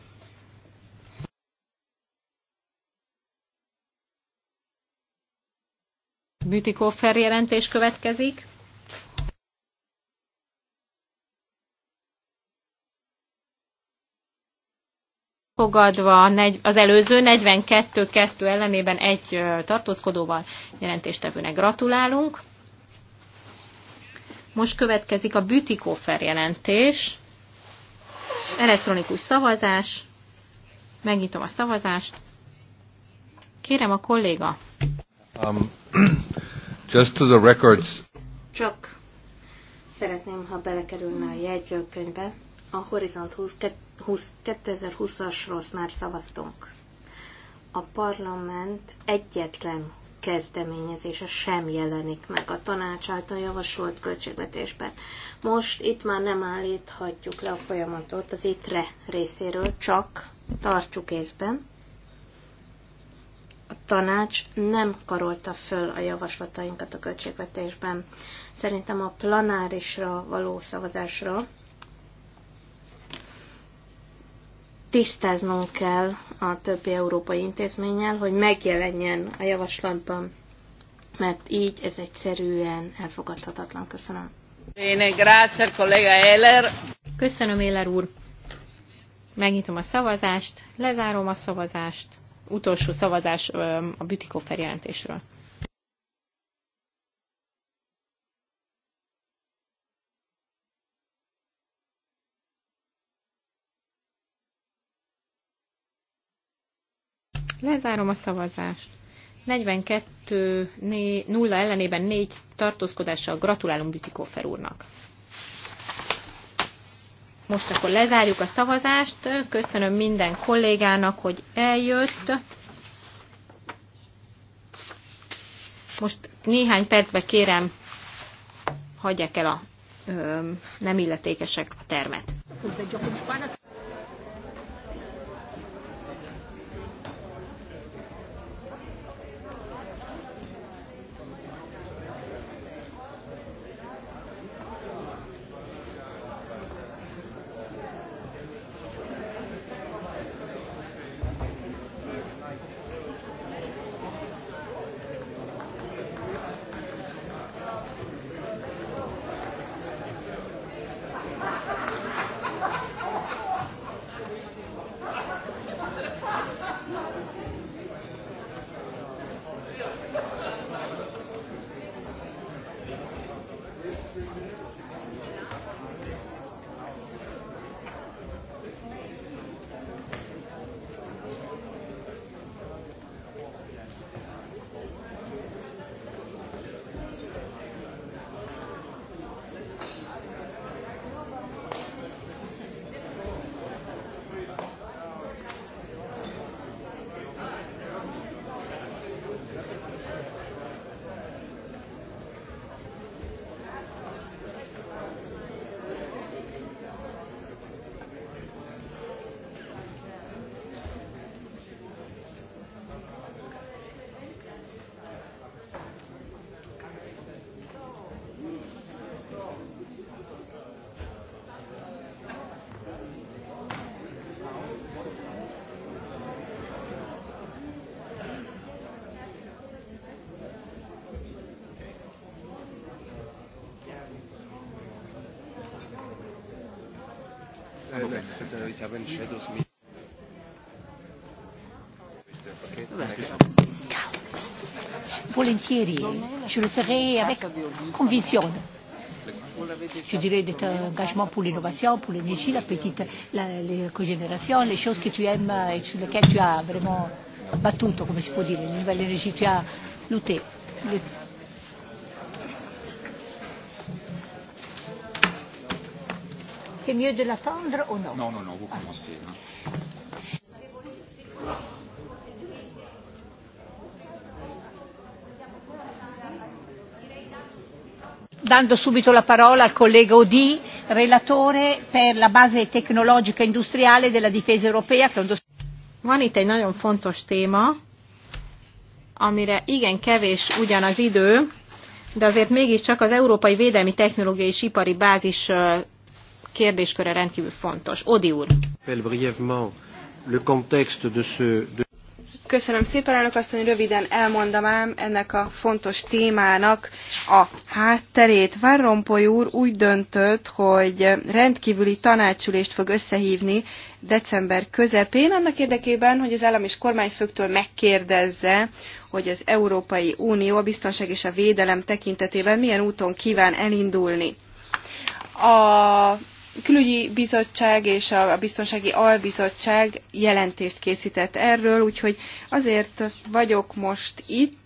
Bütikoffer jelentés következik. fogadva az előző 42-2 ellenében egy tartózkodóval jelentéstevőnek gratulálunk. Most következik a Bütikófer jelentés. Elektronikus szavazás. Megnyitom a szavazást. Kérem a kolléga. Um, just to the records. Csak szeretném, ha belekerülne a jegyzőkönyvbe, a Horizont 2020-asról már szavaztunk. A parlament egyetlen kezdeményezése sem jelenik meg a tanács által javasolt költségvetésben. Most itt már nem állíthatjuk le a folyamatot az ITRE részéről, csak tartsuk észben. A tanács nem karolta föl a javaslatainkat a költségvetésben. Szerintem a planárisra való szavazásra tisztáznunk kell a többi európai intézménnyel, hogy megjelenjen a javaslatban, mert így ez egyszerűen elfogadhatatlan. Köszönöm. Bene, grazie, kollega Eller. Köszönöm, Éler úr. Megnyitom a szavazást, lezárom a szavazást. Utolsó szavazás a Bütikofer jelentésről. Lezárom a szavazást. 42 0 ellenében 4 tartózkodással gratulálunk Bütikofer úrnak. Most akkor lezárjuk a szavazást. Köszönöm minden kollégának, hogy eljött. Most néhány percbe kérem, hagyják el a ö, nem illetékesek a termet. ich habe Shadows mit. Volentieri, je le ferai avec conviction. Je dirais d'être engagement pour l'innovation, pour l'énergie, la petite, la, les cogénérations, les choses que tu aimes et sur lesquelles tu as vraiment battu, comme si peut dire, l'énergie, tu as lutté. Le, c'est mieux de l'attendre ou non Non, non, non, vous commencez. Hein. Dando subito la parola al collega Odi, relatore per la base tecnologica industriale della difesa europea. Van itt egy nagyon fontos téma, amire igen kevés ugyan az idő, de azért mégiscsak az Európai Védelmi Technológiai és Ipari Bázis kérdésköre rendkívül fontos. Odi úr. Köszönöm szépen, elnök asszony, röviden elmondanám ennek a fontos témának a hátterét. Várrompoly úr úgy döntött, hogy rendkívüli tanácsülést fog összehívni december közepén, annak érdekében, hogy az állam és kormányfőktől megkérdezze, hogy az Európai Unió a biztonság és a védelem tekintetében milyen úton kíván elindulni. A külügyi bizottság és a biztonsági albizottság jelentést készített erről, úgyhogy azért vagyok most itt,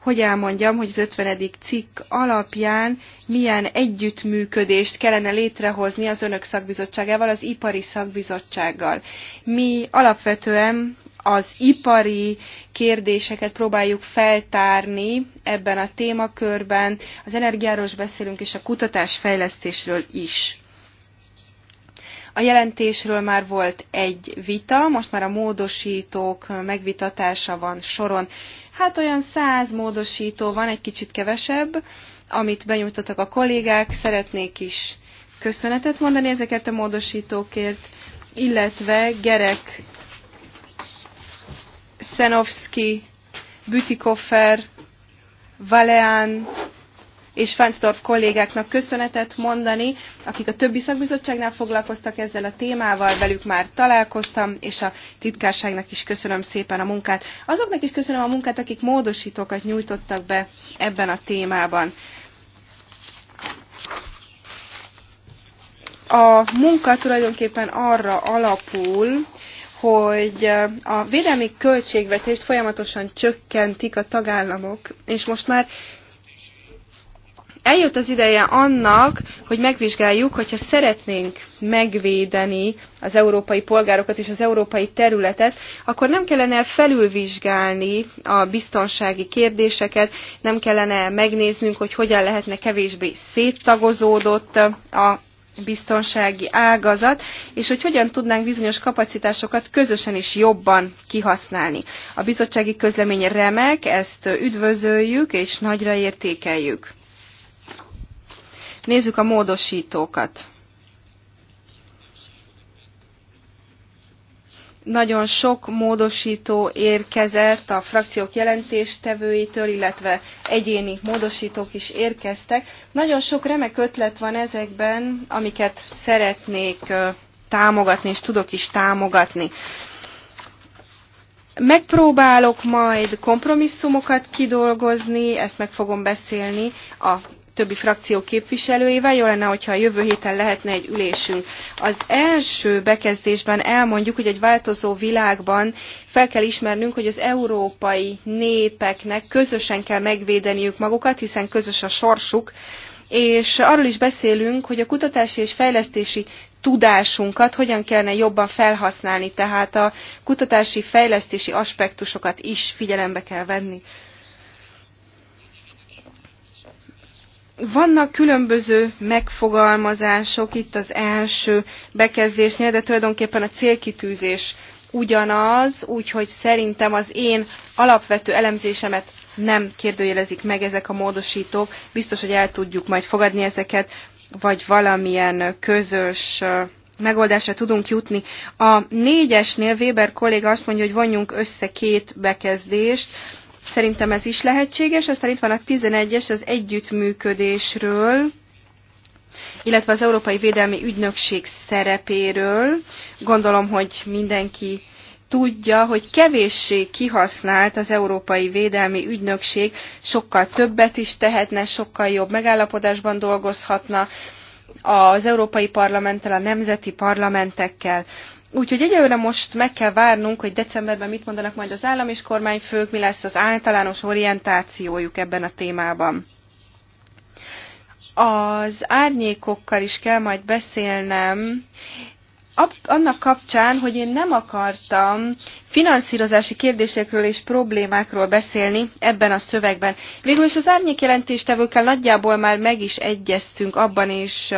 hogy elmondjam, hogy az 50. cikk alapján milyen együttműködést kellene létrehozni az önök szakbizottságával, az ipari szakbizottsággal. Mi alapvetően az ipari kérdéseket próbáljuk feltárni ebben a témakörben, az energiáról beszélünk, és a kutatásfejlesztésről is. A jelentésről már volt egy vita, most már a módosítók megvitatása van soron. Hát olyan száz módosító van, egy kicsit kevesebb, amit benyújtottak a kollégák, szeretnék is köszönetet mondani ezeket a módosítókért, illetve Gerek, Szenovszki, Bütikoffer, Valean és Fánsdorf kollégáknak köszönetet mondani, akik a többi szakbizottságnál foglalkoztak ezzel a témával, velük már találkoztam, és a titkárságnak is köszönöm szépen a munkát. Azoknak is köszönöm a munkát, akik módosítókat nyújtottak be ebben a témában. A munka tulajdonképpen arra alapul, hogy a védelmi költségvetést folyamatosan csökkentik a tagállamok, és most már eljött az ideje annak, hogy megvizsgáljuk, hogyha szeretnénk megvédeni az európai polgárokat és az európai területet, akkor nem kellene felülvizsgálni a biztonsági kérdéseket, nem kellene megnéznünk, hogy hogyan lehetne kevésbé széttagozódott a biztonsági ágazat, és hogy hogyan tudnánk bizonyos kapacitásokat közösen is jobban kihasználni. A bizottsági közlemény remek, ezt üdvözöljük és nagyra értékeljük. Nézzük a módosítókat. Nagyon sok módosító érkezett a frakciók jelentéstevőitől, illetve egyéni módosítók is érkeztek. Nagyon sok remek ötlet van ezekben, amiket szeretnék támogatni, és tudok is támogatni. Megpróbálok majd kompromisszumokat kidolgozni, ezt meg fogom beszélni a többi frakció képviselőivel. Jó lenne, hogyha a jövő héten lehetne egy ülésünk. Az első bekezdésben elmondjuk, hogy egy változó világban fel kell ismernünk, hogy az európai népeknek közösen kell megvédeniük magukat, hiszen közös a sorsuk, és arról is beszélünk, hogy a kutatási és fejlesztési tudásunkat hogyan kellene jobban felhasználni, tehát a kutatási fejlesztési aspektusokat is figyelembe kell venni. vannak különböző megfogalmazások itt az első bekezdésnél, de tulajdonképpen a célkitűzés ugyanaz, úgyhogy szerintem az én alapvető elemzésemet nem kérdőjelezik meg ezek a módosítók. Biztos, hogy el tudjuk majd fogadni ezeket, vagy valamilyen közös megoldásra tudunk jutni. A négyesnél Weber kolléga azt mondja, hogy vonjunk össze két bekezdést, Szerintem ez is lehetséges. Aztán itt van a 11-es az együttműködésről, illetve az Európai Védelmi Ügynökség szerepéről. Gondolom, hogy mindenki tudja, hogy kevéssé kihasznált az Európai Védelmi Ügynökség, sokkal többet is tehetne, sokkal jobb megállapodásban dolgozhatna az Európai Parlamenttel, a nemzeti parlamentekkel. Úgyhogy egyelőre most meg kell várnunk, hogy decemberben mit mondanak majd az állam és kormányfők, mi lesz az általános orientációjuk ebben a témában. Az árnyékokkal is kell majd beszélnem, annak kapcsán, hogy én nem akartam finanszírozási kérdésekről és problémákról beszélni ebben a szövegben. Végül is az árnyék jelentéstevőkkel nagyjából már meg is egyeztünk abban, és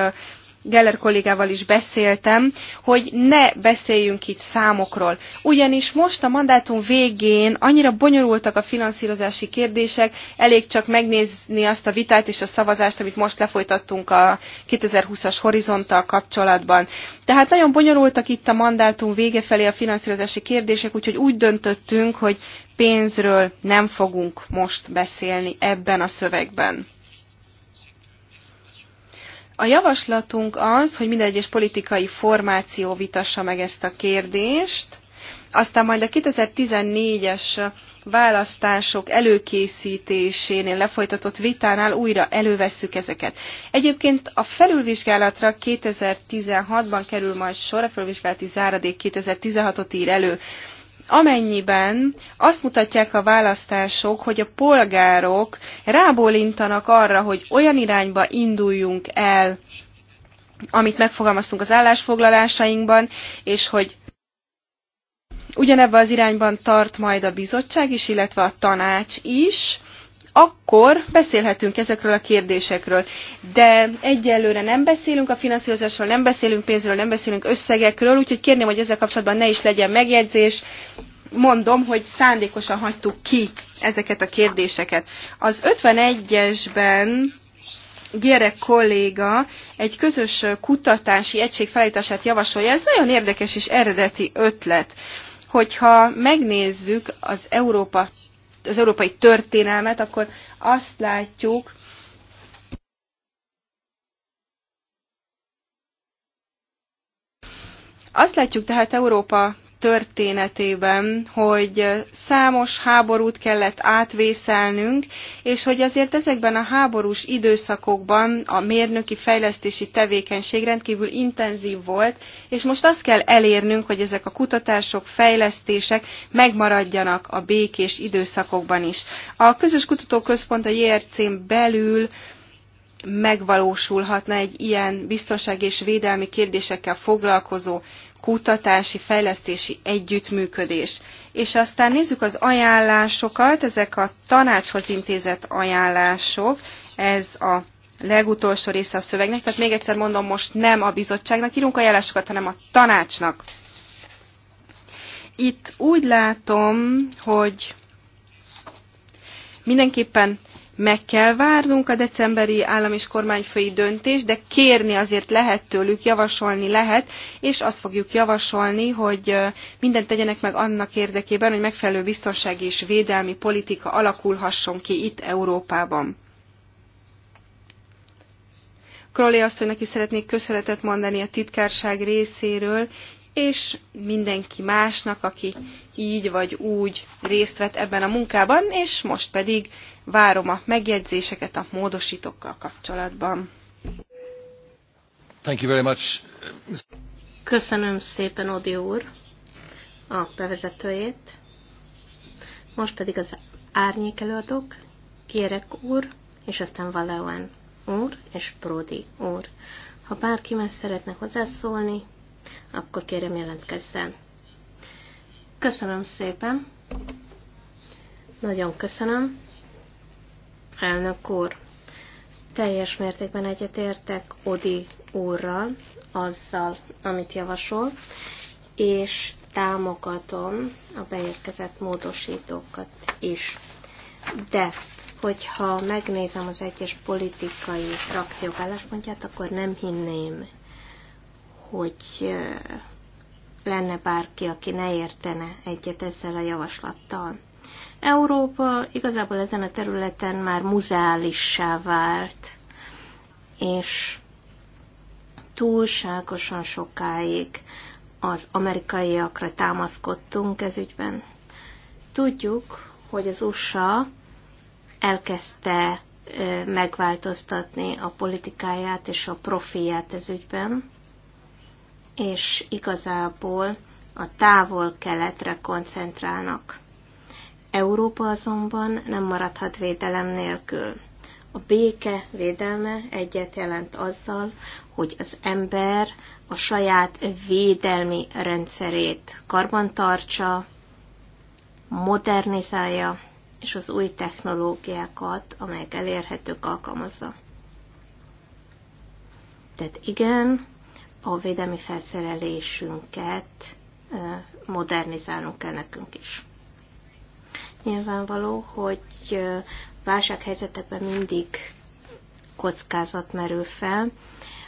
Geller kollégával is beszéltem, hogy ne beszéljünk itt számokról. Ugyanis most a mandátum végén annyira bonyolultak a finanszírozási kérdések, elég csak megnézni azt a vitát és a szavazást, amit most lefolytattunk a 2020-as horizonttal kapcsolatban. Tehát nagyon bonyolultak itt a mandátum vége felé a finanszírozási kérdések, úgyhogy úgy döntöttünk, hogy pénzről nem fogunk most beszélni ebben a szövegben. A javaslatunk az, hogy minden egyes politikai formáció vitassa meg ezt a kérdést, aztán majd a 2014-es választások előkészítésénél lefolytatott vitánál újra elővesszük ezeket. Egyébként a felülvizsgálatra 2016-ban kerül majd sor, a felülvizsgálati záradék 2016-ot ír elő amennyiben azt mutatják a választások, hogy a polgárok rábólintanak arra, hogy olyan irányba induljunk el, amit megfogalmaztunk az állásfoglalásainkban, és hogy ugyanebben az irányban tart majd a bizottság is, illetve a tanács is, akkor beszélhetünk ezekről a kérdésekről. De egyelőre nem beszélünk a finanszírozásról, nem beszélünk pénzről, nem beszélünk összegekről, úgyhogy kérném, hogy ezzel kapcsolatban ne is legyen megjegyzés. Mondom, hogy szándékosan hagytuk ki ezeket a kérdéseket. Az 51-esben Gyerek kolléga egy közös kutatási egység felállítását javasolja. Ez nagyon érdekes és eredeti ötlet hogyha megnézzük az Európa az európai történelmet, akkor azt látjuk, azt látjuk tehát Európa történetében, hogy számos háborút kellett átvészelnünk, és hogy azért ezekben a háborús időszakokban a mérnöki fejlesztési tevékenység rendkívül intenzív volt, és most azt kell elérnünk, hogy ezek a kutatások, fejlesztések megmaradjanak a békés időszakokban is. A Közös Kutatóközpont a JRC-n belül megvalósulhatna egy ilyen biztonság és védelmi kérdésekkel foglalkozó kutatási, fejlesztési együttműködés. És aztán nézzük az ajánlásokat, ezek a tanácshoz intézett ajánlások, ez a legutolsó része a szövegnek, tehát még egyszer mondom, most nem a bizottságnak írunk ajánlásokat, hanem a tanácsnak. Itt úgy látom, hogy mindenképpen meg kell várnunk a decemberi állam és kormányfői döntést, de kérni azért lehet tőlük, javasolni lehet, és azt fogjuk javasolni, hogy mindent tegyenek meg annak érdekében, hogy megfelelő biztonsági és védelmi politika alakulhasson ki itt Európában. azt asszonynak is szeretnék köszönetet mondani a titkárság részéről, és mindenki másnak, aki így vagy úgy részt vett ebben a munkában, és most pedig várom a megjegyzéseket a módosítókkal kapcsolatban. Thank you very much. Köszönöm szépen, Odi úr, a bevezetőjét. Most pedig az árnyék előadók, Kérek úr, és aztán Valauan úr és Prodi úr. Ha bárki más szeretne hozzászólni, akkor kérem jelentkezzen. Köszönöm szépen. Nagyon köszönöm. Elnök úr, teljes mértékben egyetértek Odi úrral azzal, amit javasol, és támogatom a beérkezett módosítókat is. De hogyha megnézem az egyes politikai frakciók álláspontját, akkor nem hinném hogy lenne bárki, aki ne értene egyet ezzel a javaslattal. Európa igazából ezen a területen már muzeálissá vált, és túlságosan sokáig az amerikaiakra támaszkodtunk ez ügyben. Tudjuk, hogy az USA elkezdte megváltoztatni a politikáját és a profiát ez ügyben, és igazából a távol keletre koncentrálnak. Európa azonban nem maradhat védelem nélkül. A béke védelme egyet jelent azzal, hogy az ember a saját védelmi rendszerét karbantartsa, modernizálja, és az új technológiákat, amelyek elérhetők, alkalmazza. Tehát igen, a védelmi felszerelésünket modernizálnunk kell nekünk is. Nyilvánvaló, hogy válsághelyzetekben mindig kockázat merül fel.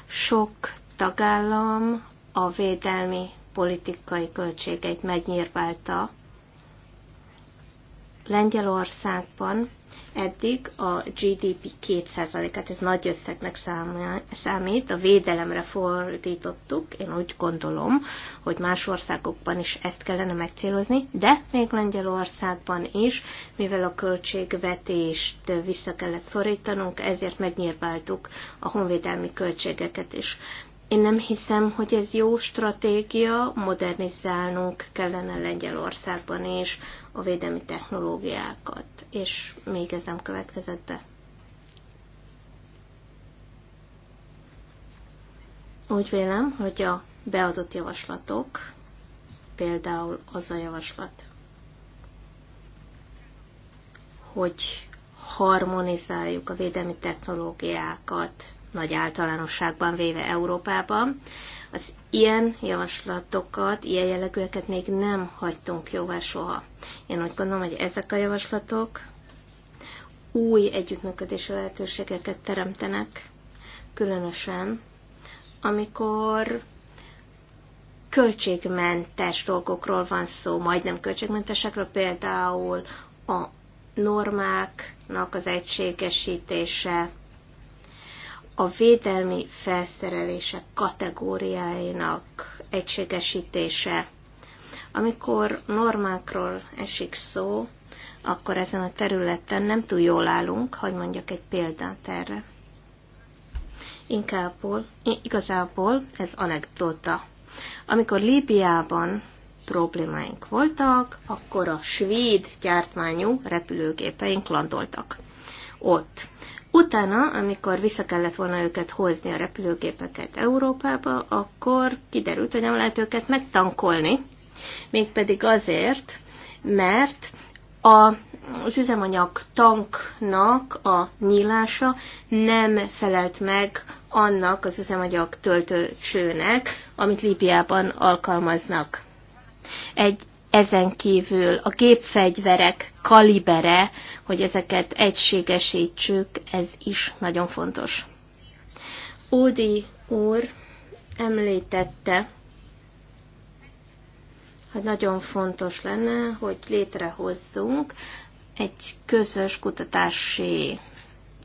Sok tagállam a védelmi politikai költségeit megnyírválta. Lengyelországban Eddig a GDP 2%-át, ez nagy összegnek számít, a védelemre fordítottuk. Én úgy gondolom, hogy más országokban is ezt kellene megcélozni, de még Lengyelországban is, mivel a költségvetést vissza kellett szorítanunk, ezért megnyírváltuk a honvédelmi költségeket is. Én nem hiszem, hogy ez jó stratégia, modernizálnunk kellene Lengyelországban is a védelmi technológiákat, és még ez nem következett be. Úgy vélem, hogy a beadott javaslatok, például az a javaslat, hogy harmonizáljuk a védelmi technológiákat, nagy általánosságban véve Európában. Az ilyen javaslatokat, ilyen jellegűeket még nem hagytunk jóvá soha. Én úgy gondolom, hogy ezek a javaslatok új együttműködési lehetőségeket teremtenek, különösen, amikor költségmentes dolgokról van szó, majdnem költségmentesekről, például a normáknak az egységesítése, a védelmi felszerelések kategóriáinak egységesítése. Amikor normákról esik szó, akkor ezen a területen nem túl jól állunk, hogy mondjak egy példát erre. Inkább igazából ez anekdota. Amikor Líbiában problémáink voltak, akkor a svéd gyártmányú repülőgépeink landoltak. Ott Utána, amikor vissza kellett volna őket hozni a repülőgépeket Európába, akkor kiderült, hogy nem lehet őket megtankolni, mégpedig azért, mert a, az üzemanyag tanknak a nyílása nem felelt meg annak az üzemanyag töltőcsőnek, amit Líbiában alkalmaznak. Egy ezen kívül a gépfegyverek kalibere, hogy ezeket egységesítsük, ez is nagyon fontos. Ódi úr említette, hogy nagyon fontos lenne, hogy létrehozzunk egy közös kutatási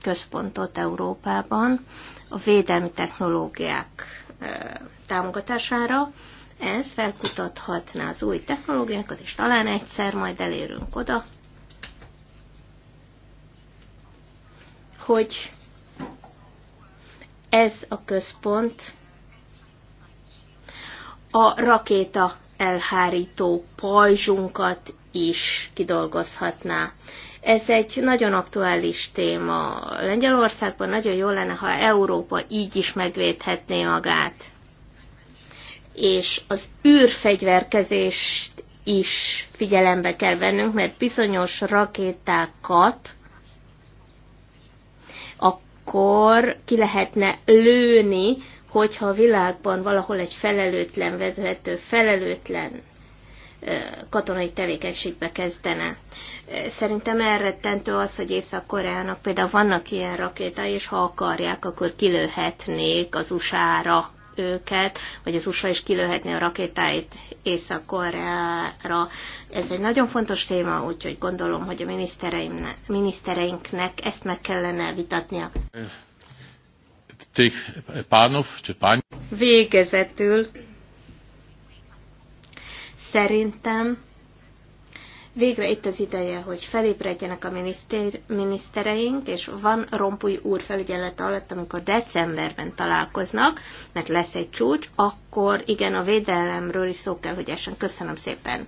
központot Európában a védelmi technológiák eh, támogatására, ez felkutathatná az új technológiákat, és talán egyszer majd elérünk oda, hogy ez a központ a rakéta elhárító pajzsunkat is kidolgozhatná. Ez egy nagyon aktuális téma. Lengyelországban nagyon jó lenne, ha Európa így is megvédhetné magát és az űrfegyverkezést is figyelembe kell vennünk, mert bizonyos rakétákat akkor ki lehetne lőni, hogyha a világban valahol egy felelőtlen vezető, felelőtlen katonai tevékenységbe kezdene. Szerintem elrettentő az, hogy Észak-Koreának például vannak ilyen rakétái, és ha akarják, akkor kilőhetnék az USA-ra őket, vagy az USA is kilőhetné a rakétáit Észak-Koreára. Ez egy nagyon fontos téma, úgyhogy gondolom, hogy a minisztereinknek ezt meg kellene vitatnia. Végezetül szerintem Végre itt az ideje, hogy felébredjenek a miniszter, minisztereink, és van Rompuy úr felügyelete alatt, amikor decemberben találkoznak, mert lesz egy csúcs, akkor igen, a védelemről is szó kell, hogy essen. Köszönöm szépen.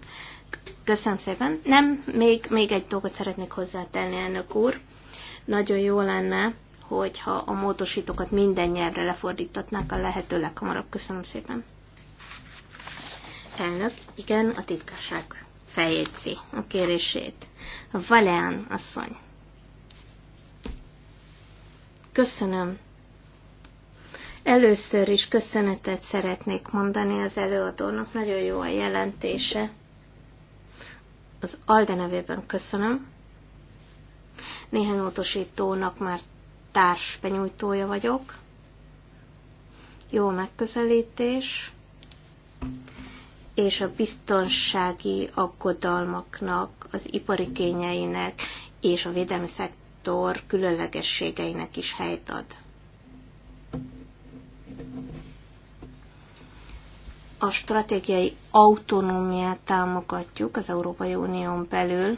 Köszönöm szépen. Nem, még, még egy dolgot szeretnék hozzátenni, elnök úr. Nagyon jó lenne, hogyha a módosítókat minden nyelvre lefordítatnák a lehető leghamarabb. Köszönöm szépen. Elnök, igen, a titkárság feljegyzi a kérését. Valean, asszony. Köszönöm. Először is köszönetet szeretnék mondani az előadónak, nagyon jó a jelentése. Az Alde nevében köszönöm. Néhány utasítónak már társ benyújtója vagyok. Jó megközelítés és a biztonsági aggodalmaknak, az ipari kényeinek és a védelmi szektor különlegességeinek is helyt ad. A stratégiai autonómiát támogatjuk az Európai Unión belül.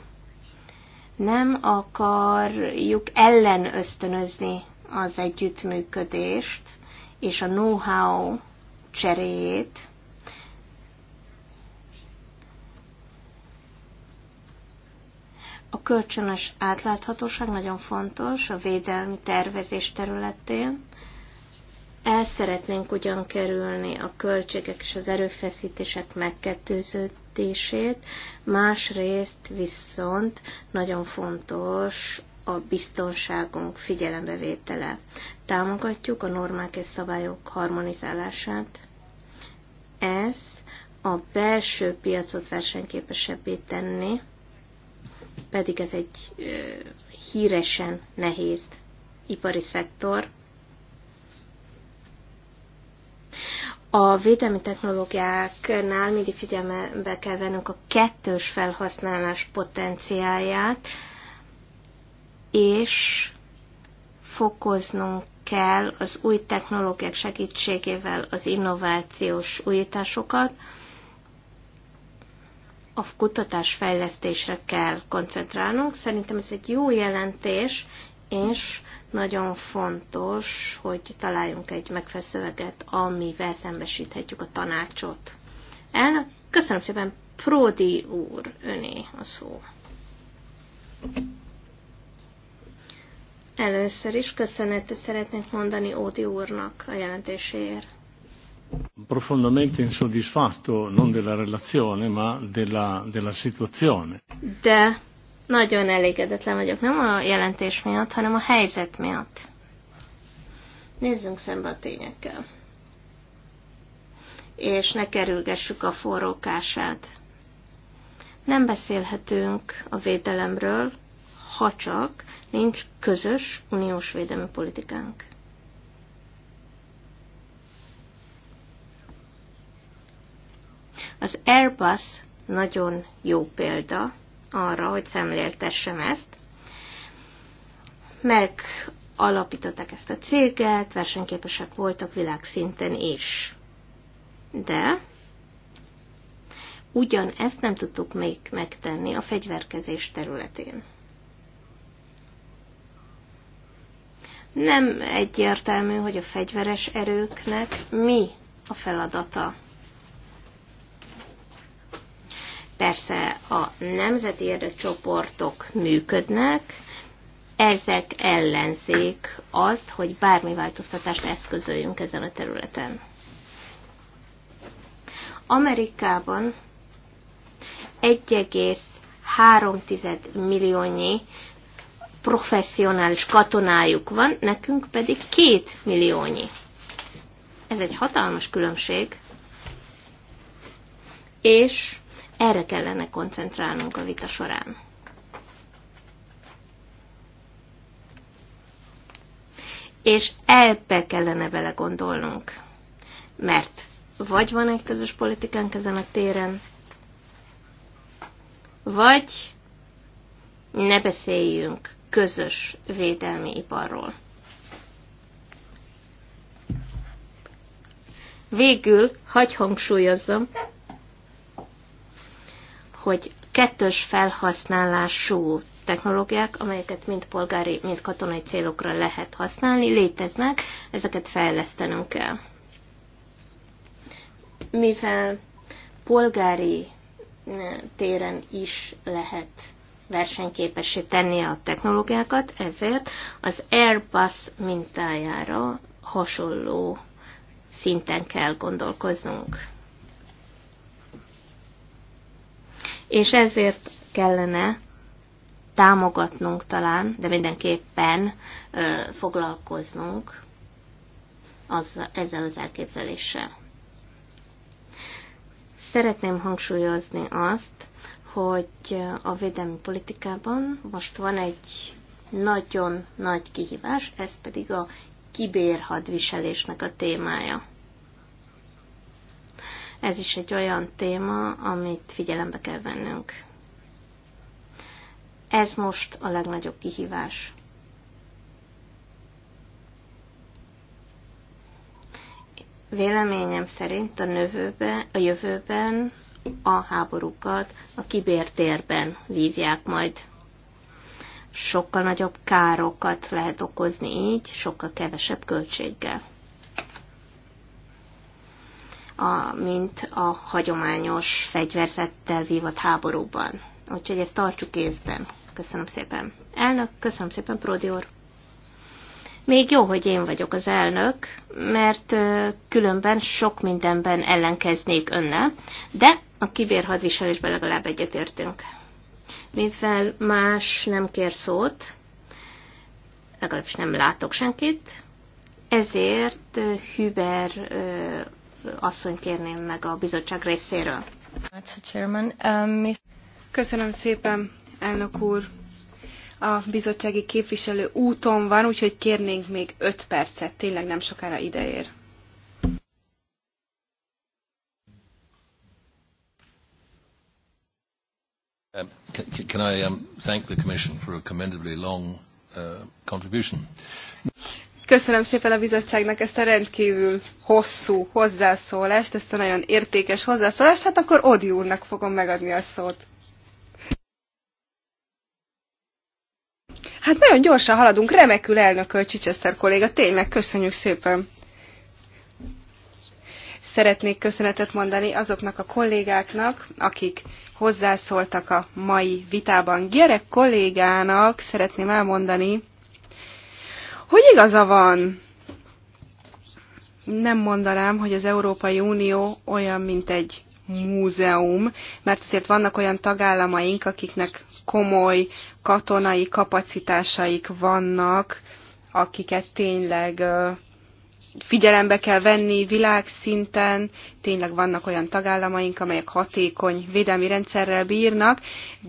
Nem akarjuk ellen ösztönözni az együttműködést és a know-how cseréjét, A kölcsönös átláthatóság nagyon fontos a védelmi tervezés területén. El szeretnénk ugyan kerülni a költségek és az erőfeszítések megkettőződését, másrészt viszont nagyon fontos a biztonságunk figyelembevétele. Támogatjuk a normák és szabályok harmonizálását. Ez a belső piacot versenyképesebbé tenni, pedig ez egy híresen nehéz ipari szektor. A védelmi technológiáknál mindig figyelmebe kell vennünk a kettős felhasználás potenciáját, és fokoznunk kell az új technológiák segítségével az innovációs újításokat, a kutatás fejlesztésre kell koncentrálnunk. Szerintem ez egy jó jelentés, és nagyon fontos, hogy találjunk egy megfelelő szöveget, amivel szembesíthetjük a tanácsot. El, köszönöm szépen, Pródi úr, öné a szó. Először is köszönetet szeretnék mondani Ódi úrnak a jelentéséért profondamente insoddisfatto non della relazione, ma della, della situazione. De nagyon elégedetlen vagyok, nem a jelentés miatt, hanem a helyzet miatt. Nézzünk szembe a tényekkel. És ne kerülgessük a forrókását. Nem beszélhetünk a védelemről, ha csak nincs közös uniós védelmi politikánk. Az Airbus nagyon jó példa arra, hogy szemléltessem ezt. Meg alapították ezt a céget, versenyképesek voltak világszinten is. De ugyan ezt nem tudtuk még megtenni a fegyverkezés területén. Nem egyértelmű, hogy a fegyveres erőknek mi a feladata. Persze a nemzeti érdekcsoportok működnek, ezek ellenzék azt, hogy bármi változtatást eszközöljünk ezen a területen. Amerikában 1,3 milliónyi professzionális katonájuk van, nekünk pedig 2 milliónyi. Ez egy hatalmas különbség. És erre kellene koncentrálnunk a vita során. És ebbe kellene belegondolnunk. Mert vagy van egy közös politikánk ezen a téren, vagy ne beszéljünk közös védelmi iparról. Végül, hagy hangsúlyozzam, hogy kettős felhasználású technológiák, amelyeket mind polgári, mind katonai célokra lehet használni, léteznek, ezeket fejlesztenünk kell. Mivel polgári eh, téren is lehet versenyképessé tenni a technológiákat, ezért az Airbus mintájára hasonló szinten kell gondolkoznunk. és ezért kellene támogatnunk talán, de mindenképpen ö, foglalkoznunk az, ezzel az elképzeléssel. Szeretném hangsúlyozni azt, hogy a védelmi politikában most van egy nagyon nagy kihívás, ez pedig a kibérhadviselésnek a témája. Ez is egy olyan téma, amit figyelembe kell vennünk. Ez most a legnagyobb kihívás. Véleményem szerint a, növőbe, a jövőben a háborúkat a kibértérben vívják majd. Sokkal nagyobb károkat lehet okozni így, sokkal kevesebb költséggel a, mint a hagyományos fegyverzettel vívott háborúban. Úgyhogy ezt tartsuk kézben. Köszönöm szépen. Elnök, köszönöm szépen, Prodior. Még jó, hogy én vagyok az elnök, mert különben sok mindenben ellenkeznék önnel, de a kibérhadviselésben legalább egyetértünk. Mivel más nem kér szót, legalábbis nem látok senkit, ezért Hüber asszony kérném meg a bizottság részéről. Um, Köszönöm szépen, elnök úr. A bizottsági képviselő úton van, úgyhogy kérnénk még 5 percet, tényleg nem sokára ideér. Um, can I um, thank the Commission for a commendably long uh, contribution? Köszönöm szépen a bizottságnak ezt a rendkívül hosszú hozzászólást, ezt a nagyon értékes hozzászólást, hát akkor Odi úrnak fogom megadni a szót. Hát nagyon gyorsan haladunk, remekül elnököl Csicseszter kolléga, tényleg köszönjük szépen. Szeretnék köszönetet mondani azoknak a kollégáknak, akik hozzászóltak a mai vitában. Gyerek kollégának szeretném elmondani, hogy igaza van? Nem mondanám, hogy az Európai Unió olyan, mint egy múzeum, mert azért vannak olyan tagállamaink, akiknek komoly katonai kapacitásaik vannak, akiket tényleg figyelembe kell venni világszinten, tényleg vannak olyan tagállamaink, amelyek hatékony védelmi rendszerrel bírnak,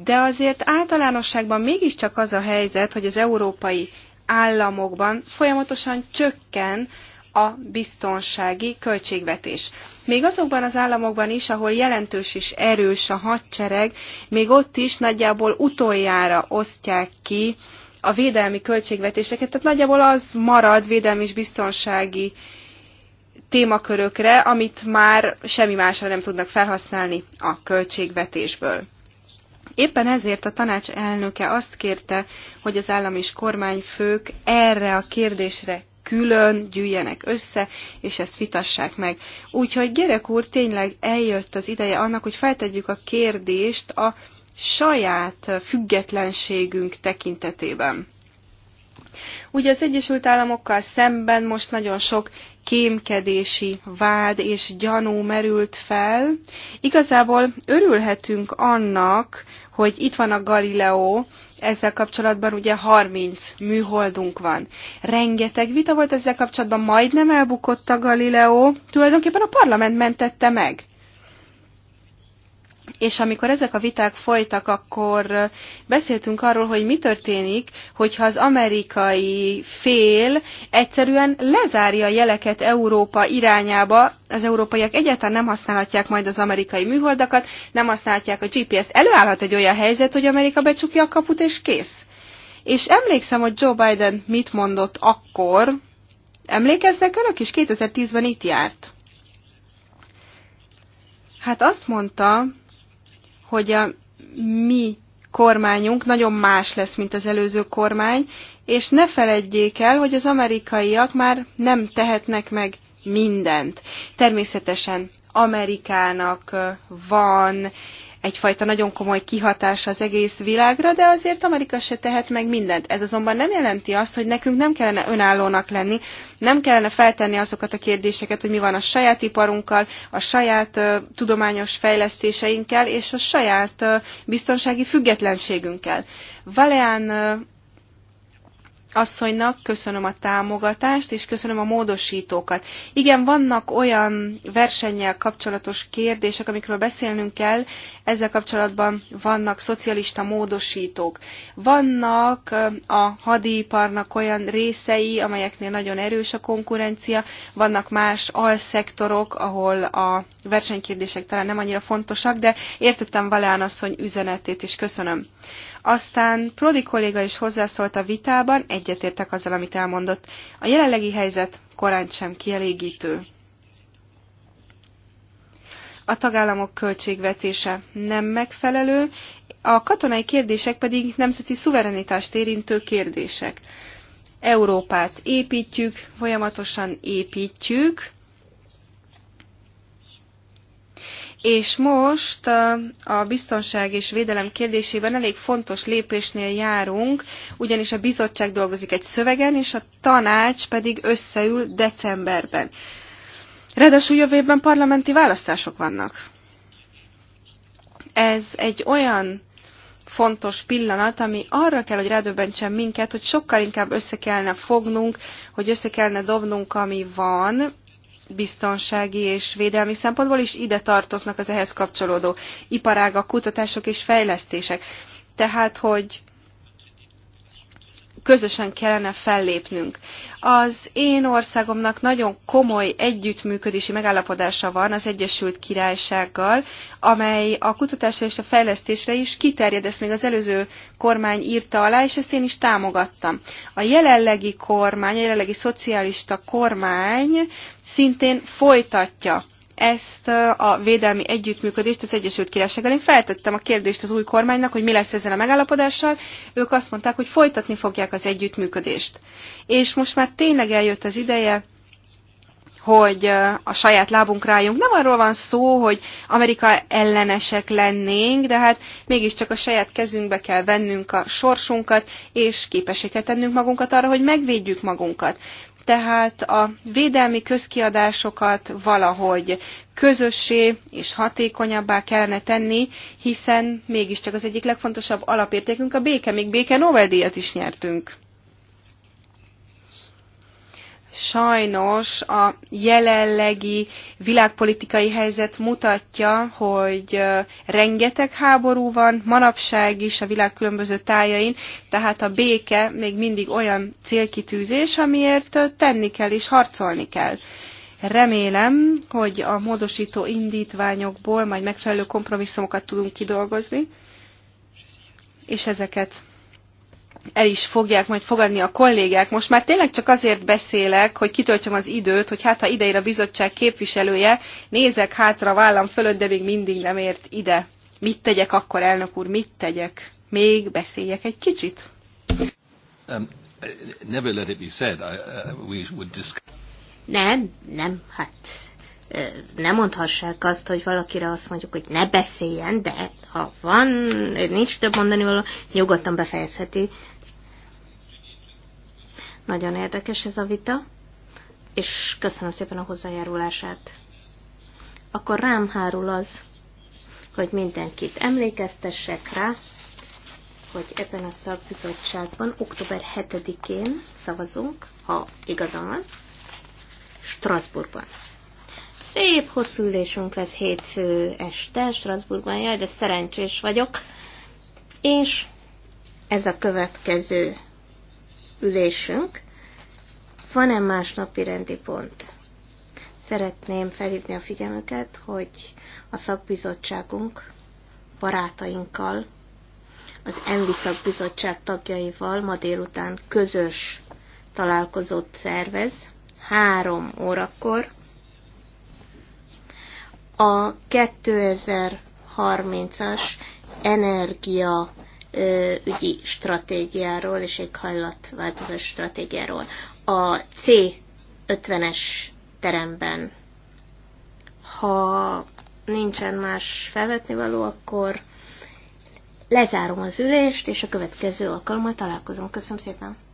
de azért általánosságban mégiscsak az a helyzet, hogy az európai államokban folyamatosan csökken a biztonsági költségvetés. Még azokban az államokban is, ahol jelentős és erős a hadsereg, még ott is nagyjából utoljára osztják ki a védelmi költségvetéseket, tehát nagyjából az marad védelmi és biztonsági témakörökre, amit már semmi másra nem tudnak felhasználni a költségvetésből. Éppen ezért a tanács elnöke azt kérte, hogy az állam és kormányfők erre a kérdésre külön gyűjjenek össze, és ezt vitassák meg. Úgyhogy Gyerek úr, tényleg eljött az ideje annak, hogy feltegyük a kérdést a saját függetlenségünk tekintetében. Ugye az Egyesült Államokkal szemben most nagyon sok kémkedési vád és gyanú merült fel. Igazából örülhetünk annak, hogy itt van a Galileo, ezzel kapcsolatban ugye 30 műholdunk van. Rengeteg vita volt ezzel kapcsolatban, majdnem elbukott a Galileo, tulajdonképpen a parlament mentette meg és amikor ezek a viták folytak, akkor beszéltünk arról, hogy mi történik, hogyha az amerikai fél egyszerűen lezárja a jeleket Európa irányába, az európaiak egyáltalán nem használhatják majd az amerikai műholdakat, nem használhatják a GPS-t. Előállhat egy olyan helyzet, hogy Amerika becsukja a kaput, és kész. És emlékszem, hogy Joe Biden mit mondott akkor. Emlékeznek önök is? 2010-ben itt járt. Hát azt mondta, hogy a mi kormányunk nagyon más lesz, mint az előző kormány, és ne feledjék el, hogy az amerikaiak már nem tehetnek meg mindent. Természetesen Amerikának eh, van egyfajta nagyon komoly kihatás az egész világra, de azért Amerika se tehet meg mindent. Ez azonban nem jelenti azt, hogy nekünk nem kellene önállónak lenni, nem kellene feltenni azokat a kérdéseket, hogy mi van a saját iparunkkal, a saját uh, tudományos fejlesztéseinkkel és a saját uh, biztonsági függetlenségünkkel. Valeán uh, asszonynak köszönöm a támogatást, és köszönöm a módosítókat. Igen, vannak olyan versennyel kapcsolatos kérdések, amikről beszélnünk kell, ezzel kapcsolatban vannak szocialista módosítók. Vannak a hadiparnak olyan részei, amelyeknél nagyon erős a konkurencia, vannak más alszektorok, ahol a versenykérdések talán nem annyira fontosak, de értettem Valán asszony üzenetét, és köszönöm. Aztán Prodi kolléga is hozzászólt a vitában, egyetértek azzal, amit elmondott. A jelenlegi helyzet korán sem kielégítő. A tagállamok költségvetése nem megfelelő, a katonai kérdések pedig nemzeti szuverenitást érintő kérdések. Európát építjük, folyamatosan építjük, És most eh, a biztonság és védelem kérdésében elég fontos lépésnél járunk, ugyanis a bizottság dolgozik egy szövegen, és a tanács pedig összeül decemberben. Ráadásul jövő évben parlamenti választások vannak. Ez egy olyan fontos pillanat, ami arra kell, hogy rádöbbentsen minket, hogy sokkal inkább össze kellene fognunk, hogy össze kellene dobnunk, ami van, biztonsági és védelmi szempontból is ide tartoznak az ehhez kapcsolódó iparágak, kutatások és fejlesztések. Tehát, hogy közösen kellene fellépnünk. Az én országomnak nagyon komoly együttműködési megállapodása van az Egyesült Királysággal, amely a kutatásra és a fejlesztésre is kiterjed, ezt még az előző kormány írta alá, és ezt én is támogattam. A jelenlegi kormány, a jelenlegi szocialista kormány szintén folytatja ezt a védelmi együttműködést az Egyesült Királysággal. Én feltettem a kérdést az új kormánynak, hogy mi lesz ezzel a megállapodással. Ők azt mondták, hogy folytatni fogják az együttműködést. És most már tényleg eljött az ideje, hogy a saját lábunk rájunk. Nem arról van szó, hogy Amerika ellenesek lennénk, de hát mégiscsak a saját kezünkbe kell vennünk a sorsunkat, és képesé kell tennünk magunkat arra, hogy megvédjük magunkat tehát a védelmi közkiadásokat valahogy közössé és hatékonyabbá kellene tenni, hiszen mégiscsak az egyik legfontosabb alapértékünk a béke, még béke Nobel-díjat is nyertünk. Sajnos a jelenlegi világpolitikai helyzet mutatja, hogy rengeteg háború van manapság is a világ különböző tájain, tehát a béke még mindig olyan célkitűzés, amiért tenni kell és harcolni kell. Remélem, hogy a módosító indítványokból majd megfelelő kompromisszumokat tudunk kidolgozni, és ezeket el is fogják majd fogadni a kollégák. Most már tényleg csak azért beszélek, hogy kitöltsem az időt, hogy hát ha ideér a bizottság képviselője, nézek hátra vállam fölött, de még mindig nem ért ide. Mit tegyek akkor, elnök úr, mit tegyek? Még beszéljek egy kicsit? Um, uh, nem, nem, hát nem mondhassák azt, hogy valakire azt mondjuk, hogy ne beszéljen, de ha van, nincs több mondani való, nyugodtan befejezheti, nagyon érdekes ez a vita, és köszönöm szépen a hozzájárulását. Akkor rám hárul az, hogy mindenkit emlékeztessek rá, hogy ebben a szakbizottságban október 7-én szavazunk, ha igazam van, Strasbourgban. Szép hosszú ülésünk lesz hétfő este Strasbourgban, jaj, de szerencsés vagyok. És ez a következő ülésünk. Van-e más napi rendi pont? Szeretném felhívni a figyelmüket, hogy a szakbizottságunk barátainkkal, az ENVI szakbizottság tagjaival ma délután közös találkozót szervez, három órakor, a 2030-as energia ügyi stratégiáról és éghajlatváltozás stratégiáról. A C50-es teremben, ha nincsen más felvetni való, akkor lezárom az ülést, és a következő alkalommal találkozunk. Köszönöm szépen!